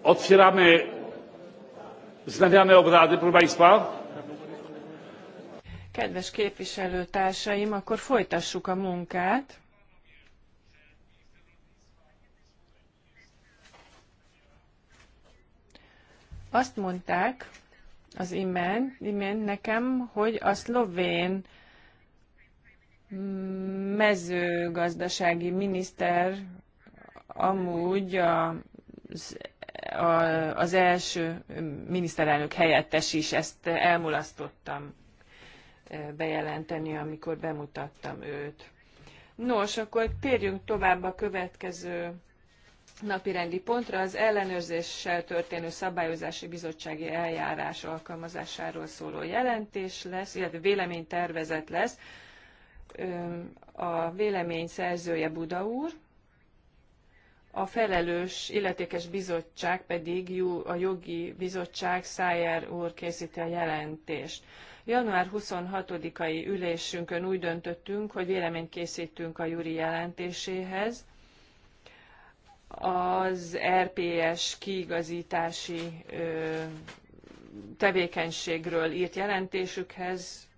A: Otwieramy znawiane obrady, proszę Państwa.
C: Kedves képviselőtársaim, akkor folytassuk a munkát. Azt mondták az imént, imént nekem, hogy a szlovén mezőgazdasági miniszter amúgy az az első miniszterelnök helyettes is ezt elmulasztottam bejelenteni, amikor bemutattam őt. Nos, akkor térjünk tovább a következő napirendi pontra. Az ellenőrzéssel történő szabályozási bizottsági eljárás alkalmazásáról szóló jelentés lesz, illetve véleménytervezet lesz. A vélemény szerzője Buda úr, a felelős illetékes bizottság pedig a jogi bizottság Szájer úr készíti a jelentést. Január 26-ai ülésünkön úgy döntöttünk, hogy véleményt készítünk a júri jelentéséhez, az RPS kiigazítási tevékenységről írt jelentésükhez,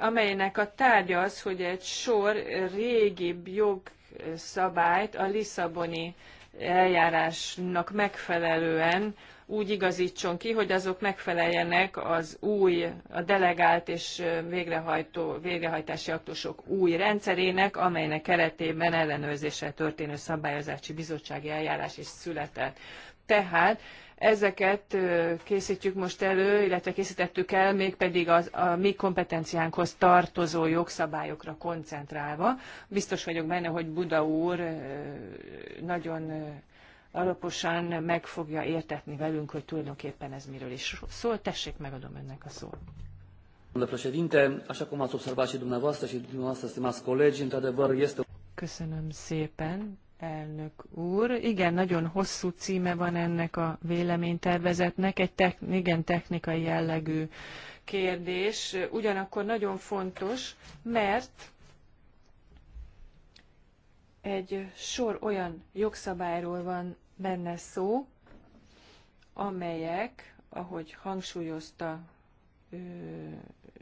C: amelynek a tárgya az, hogy egy sor régibb jogszabályt a Lisszaboni eljárásnak megfelelően úgy igazítson ki, hogy azok megfeleljenek az új, a delegált és végrehajtó, végrehajtási aktusok új rendszerének, amelynek keretében ellenőrzéssel történő szabályozási bizottsági eljárás is született. Tehát Ezeket készítjük most elő, illetve készítettük el, mégpedig az, a mi kompetenciánkhoz tartozó jogszabályokra koncentrálva. Biztos vagyok benne, hogy Buda úr nagyon alaposan meg fogja értetni velünk, hogy tulajdonképpen ez miről is szól. Tessék, megadom önnek a szót.
A: Domnule președinte, așa cum ați observat și dumneavoastră și dumneavoastră, stimați colegi, într-adevăr este...
C: Köszönöm szépen, elnök úr. Igen, nagyon hosszú címe van ennek a véleménytervezetnek, egy techn- igen technikai jellegű kérdés, ugyanakkor nagyon fontos, mert egy sor olyan jogszabályról van benne szó, amelyek, ahogy hangsúlyozta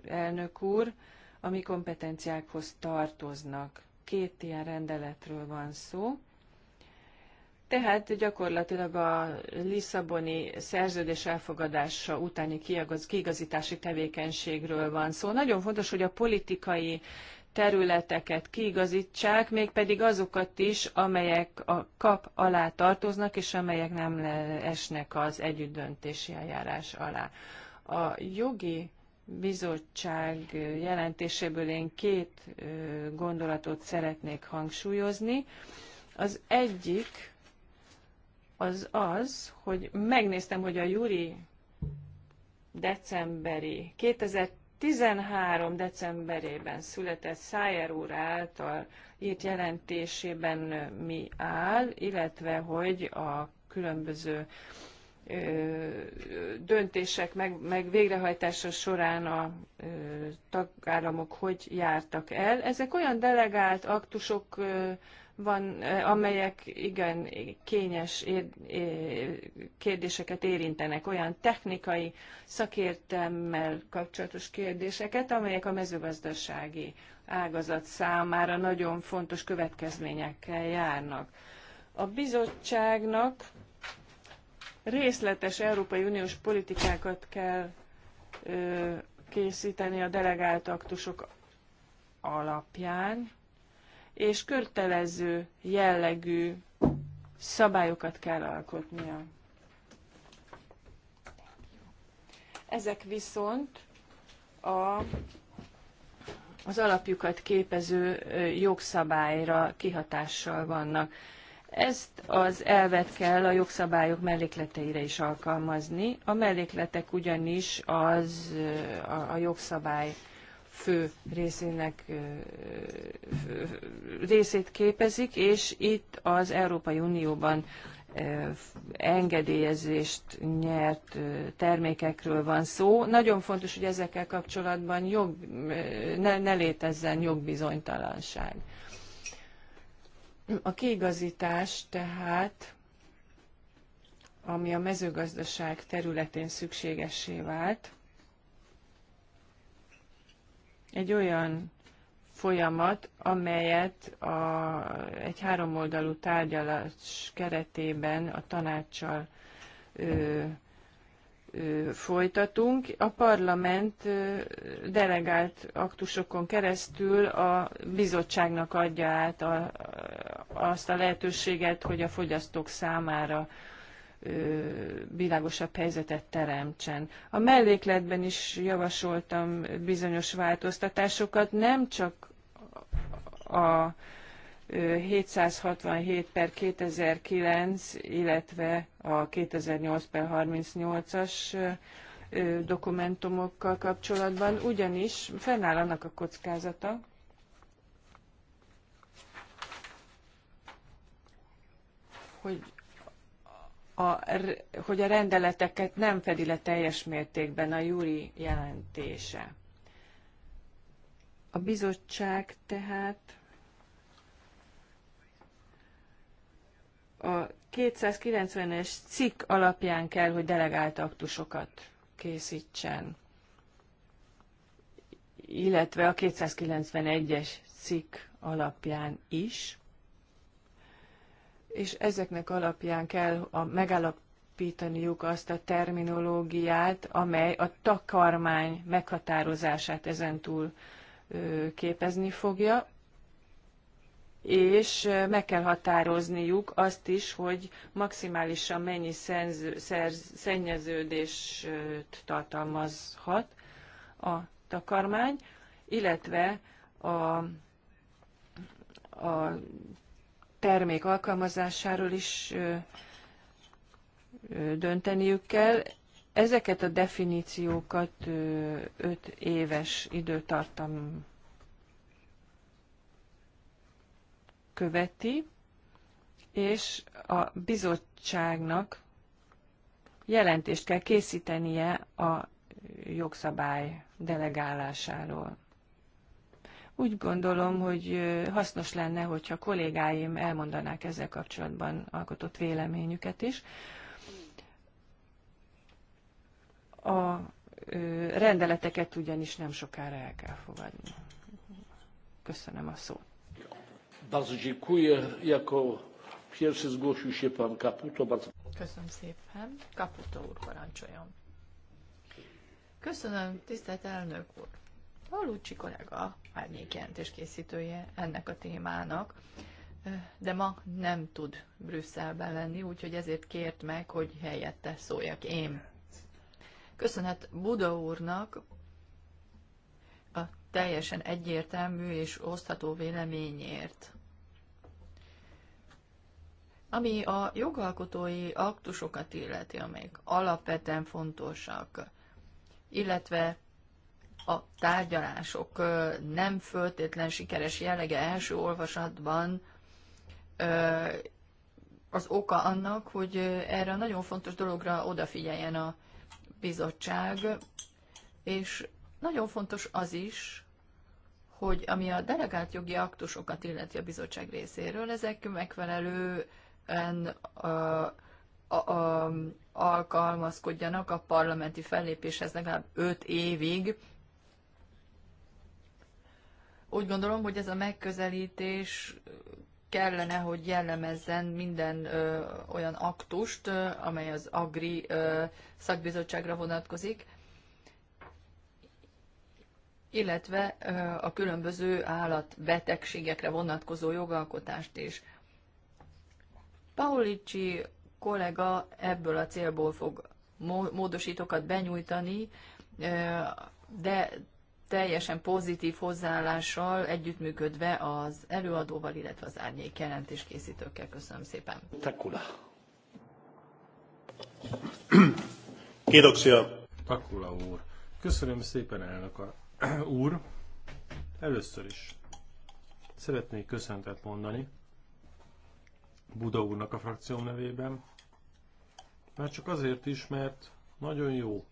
C: elnök úr, a mi kompetenciákhoz tartoznak két ilyen rendeletről van szó. Tehát gyakorlatilag a Lisszaboni szerződés elfogadása utáni kiigazítási tevékenységről van szó. Nagyon fontos, hogy a politikai területeket kiigazítsák, mégpedig azokat is, amelyek a kap alá tartoznak, és amelyek nem esnek az együttdöntési eljárás alá. A jogi bizottság jelentéséből én két gondolatot szeretnék hangsúlyozni. Az egyik az az, hogy megnéztem, hogy a júri decemberi, 2013 decemberében született Szájer úr által írt jelentésében mi áll, illetve hogy a különböző döntések meg, meg végrehajtása során a ö, tagállamok hogy jártak el. Ezek olyan delegált aktusok ö, van, amelyek igen kényes ér, kérdéseket érintenek, olyan technikai szakértelmmel kapcsolatos kérdéseket, amelyek a mezőgazdasági ágazat számára nagyon fontos következményekkel járnak. A bizottságnak részletes Európai Uniós politikákat kell ö, készíteni a delegált aktusok alapján, és kötelező jellegű szabályokat kell alkotnia. Ezek viszont a, az alapjukat képező jogszabályra kihatással vannak. Ezt az elvet kell a jogszabályok mellékleteire is alkalmazni. A mellékletek ugyanis az a jogszabály fő részének részét képezik, és itt az Európai Unióban engedélyezést nyert termékekről van szó. Nagyon fontos, hogy ezekkel kapcsolatban jog, ne, ne létezzen jogbizonytalanság. A kiigazítás tehát, ami a mezőgazdaság területén szükségessé vált, egy olyan folyamat, amelyet a, egy háromoldalú tárgyalás keretében a tanácssal ö, folytatunk. A parlament delegált aktusokon keresztül a bizottságnak adja át a, azt a lehetőséget, hogy a fogyasztók számára világosabb helyzetet teremtsen. A mellékletben is javasoltam bizonyos változtatásokat, nem csak a 767 per 2009, illetve a 2008 per 38-as dokumentumokkal kapcsolatban, ugyanis fennáll annak a kockázata, hogy a, hogy a rendeleteket nem fedi le teljes mértékben a júri jelentése. A bizottság tehát A 290-es cikk alapján kell, hogy delegált aktusokat készítsen, illetve a 291-es cikk alapján is, és ezeknek alapján kell a megállapítaniuk azt a terminológiát, amely a takarmány meghatározását ezentúl képezni fogja, és meg kell határozniuk azt is, hogy maximálisan mennyi szenző, szerz, szennyeződést tartalmazhat a takarmány, illetve a, a termék alkalmazásáról is dönteniük kell. Ezeket a definíciókat 5 éves időtartam követi, és a bizottságnak jelentést kell készítenie a jogszabály delegálásáról. Úgy gondolom, hogy hasznos lenne, hogyha kollégáim elmondanák ezzel kapcsolatban alkotott véleményüket is. A rendeleteket ugyanis nem sokára el kell fogadni. Köszönöm a szót.
A: Bardzo dziękuję. Jako pierwszy zgłosił się pan Kaputo. Bardzo...
D: Köszönöm szépen. Kaputo úr parancsoljon. Köszönöm, tisztelt elnök úr. Valucsi kollega árnyékjelentés készítője ennek a témának, de ma nem tud Brüsszelben lenni, úgyhogy ezért kért meg, hogy helyette szóljak én. Köszönet Buda úrnak teljesen egyértelmű és osztható véleményért. Ami a jogalkotói aktusokat illeti, amelyek alapvetően fontosak, illetve a tárgyalások nem föltétlen sikeres jellege első olvasatban az oka annak, hogy erre a nagyon fontos dologra odafigyeljen a bizottság, és nagyon fontos az is, hogy ami a delegált jogi aktusokat illeti a bizottság részéről, ezek megfelelően a, a, a, alkalmazkodjanak a parlamenti fellépéshez legalább 5 évig. Úgy gondolom, hogy ez a megközelítés kellene, hogy jellemezzen minden ö, olyan aktust, ö, amely az Agri ö, szakbizottságra vonatkozik, illetve a különböző állatbetegségekre vonatkozó jogalkotást is. Paulicsi kollega ebből a célból fog módosítókat benyújtani, de teljesen pozitív hozzáállással együttműködve az előadóval, illetve az árnyék jelentés készítőkkel. Köszönöm szépen. Takula.
B: Kédoksia. Takula úr. Köszönöm szépen, elnök úr, először is szeretnék köszöntet mondani Buda úrnak a frakció nevében, már csak azért is, mert nagyon jó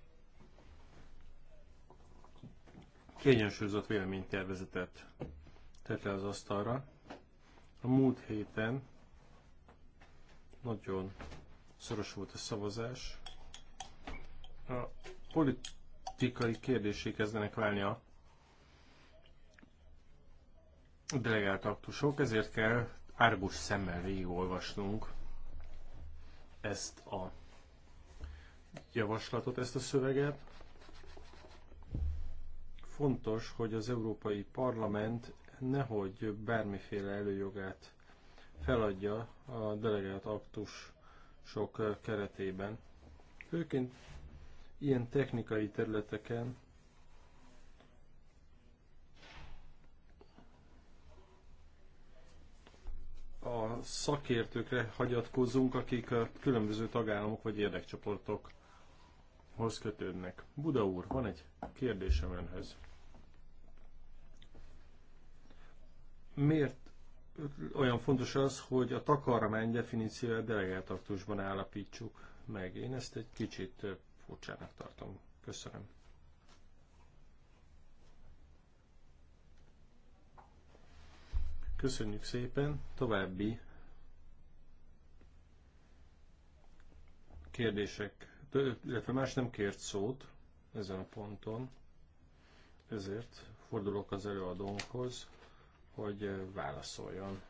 B: kiegyensúlyozott véleménytervezetet tette az asztalra. A múlt héten nagyon szoros volt a szavazás. A polit taktikai kérdésé kezdenek válni a delegált aktusok, ezért kell árgus szemmel végigolvasnunk ezt a javaslatot, ezt a szöveget. Fontos, hogy az Európai Parlament nehogy bármiféle előjogát feladja a delegált aktus sok keretében. Főként ilyen technikai területeken a szakértőkre hagyatkozunk, akik a különböző tagállamok vagy érdekcsoportokhoz kötődnek. Buda úr, van egy kérdésem önhöz. Miért olyan fontos az, hogy a takarmány definíciója delegált aktusban állapítsuk meg? Én ezt egy kicsit furcsának tartom. Köszönöm. Köszönjük szépen. További kérdések, illetve más nem kért szót ezen a ponton, ezért fordulok az előadónkhoz, hogy eh, válaszoljon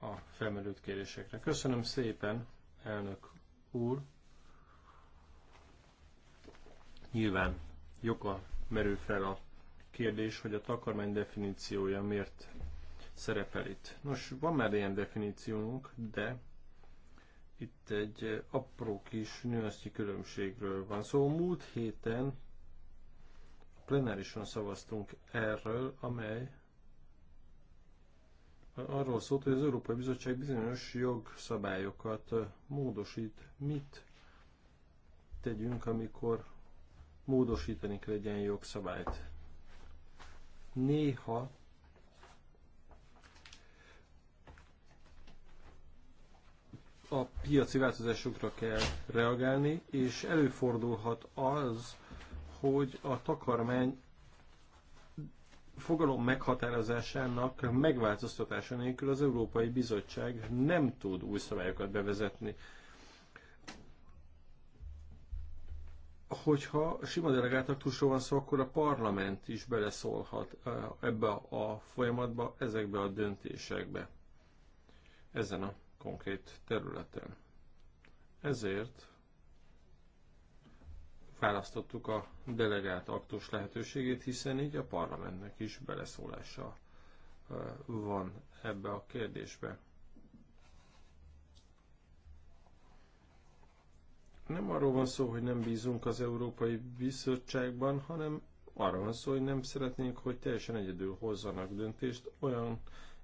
B: a felmerült kérdésekre. Köszönöm szépen, elnök úr! Nyilván joga merül fel a kérdés, hogy a takarmány definíciója miért szerepel itt. Nos, van már ilyen definíciónk, de itt egy apró kis nüansznyi különbségről van szó. Szóval múlt héten a plenárison szavaztunk erről, amely arról szólt, hogy az Európai Bizottság bizonyos jogszabályokat módosít. Mit tegyünk, amikor módosítani kell egy ilyen jogszabályt. Néha a piaci változásokra kell reagálni, és előfordulhat az, hogy a takarmány fogalom meghatározásának megváltoztatása nélkül az Európai Bizottság nem tud új szabályokat bevezetni. hogyha sima delegált van szó, akkor a parlament is beleszólhat ebbe a folyamatba, ezekbe a döntésekbe, ezen a konkrét területen. Ezért választottuk a delegált aktus lehetőségét, hiszen így a parlamentnek is beleszólása van ebbe a kérdésbe. nem arról van szó, hogy nem bízunk az Európai Bizottságban, hanem arról van szó, hogy nem szeretnénk, hogy teljesen egyedül hozzanak döntést olyan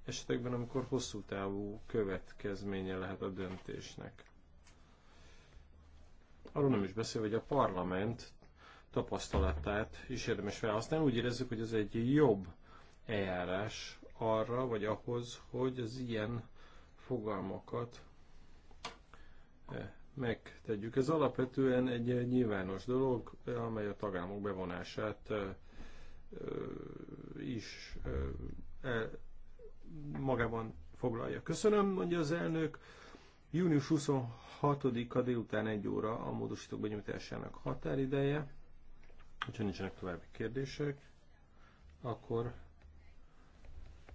B: esetekben, amikor hosszú távú következménye lehet a döntésnek. Arról nem is beszél, hogy a parlament tapasztalatát is érdemes felhasználni. Úgy érezzük, hogy ez egy jobb eljárás arra, vagy ahhoz, hogy az ilyen fogalmakat eh, megtegyük. Ez alapvetően egy eh, nyilvános dolog, eh, amely a tagállamok bevonását eh, is magában foglalja. Köszönöm, mondja az elnök. Június 26-a délután egy óra a módosítók benyújtásának határideje. Ha nincsenek további kérdések, akkor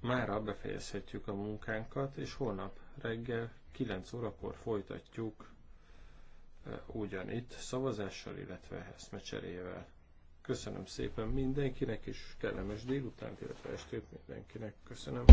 B: mára befejezhetjük a munkánkat, és holnap reggel 9 órakor folytatjuk ugyanitt szavazással, illetve eszmecseréjével. Köszönöm szépen mindenkinek, és kellemes délutánt, illetve estét mindenkinek. Köszönöm.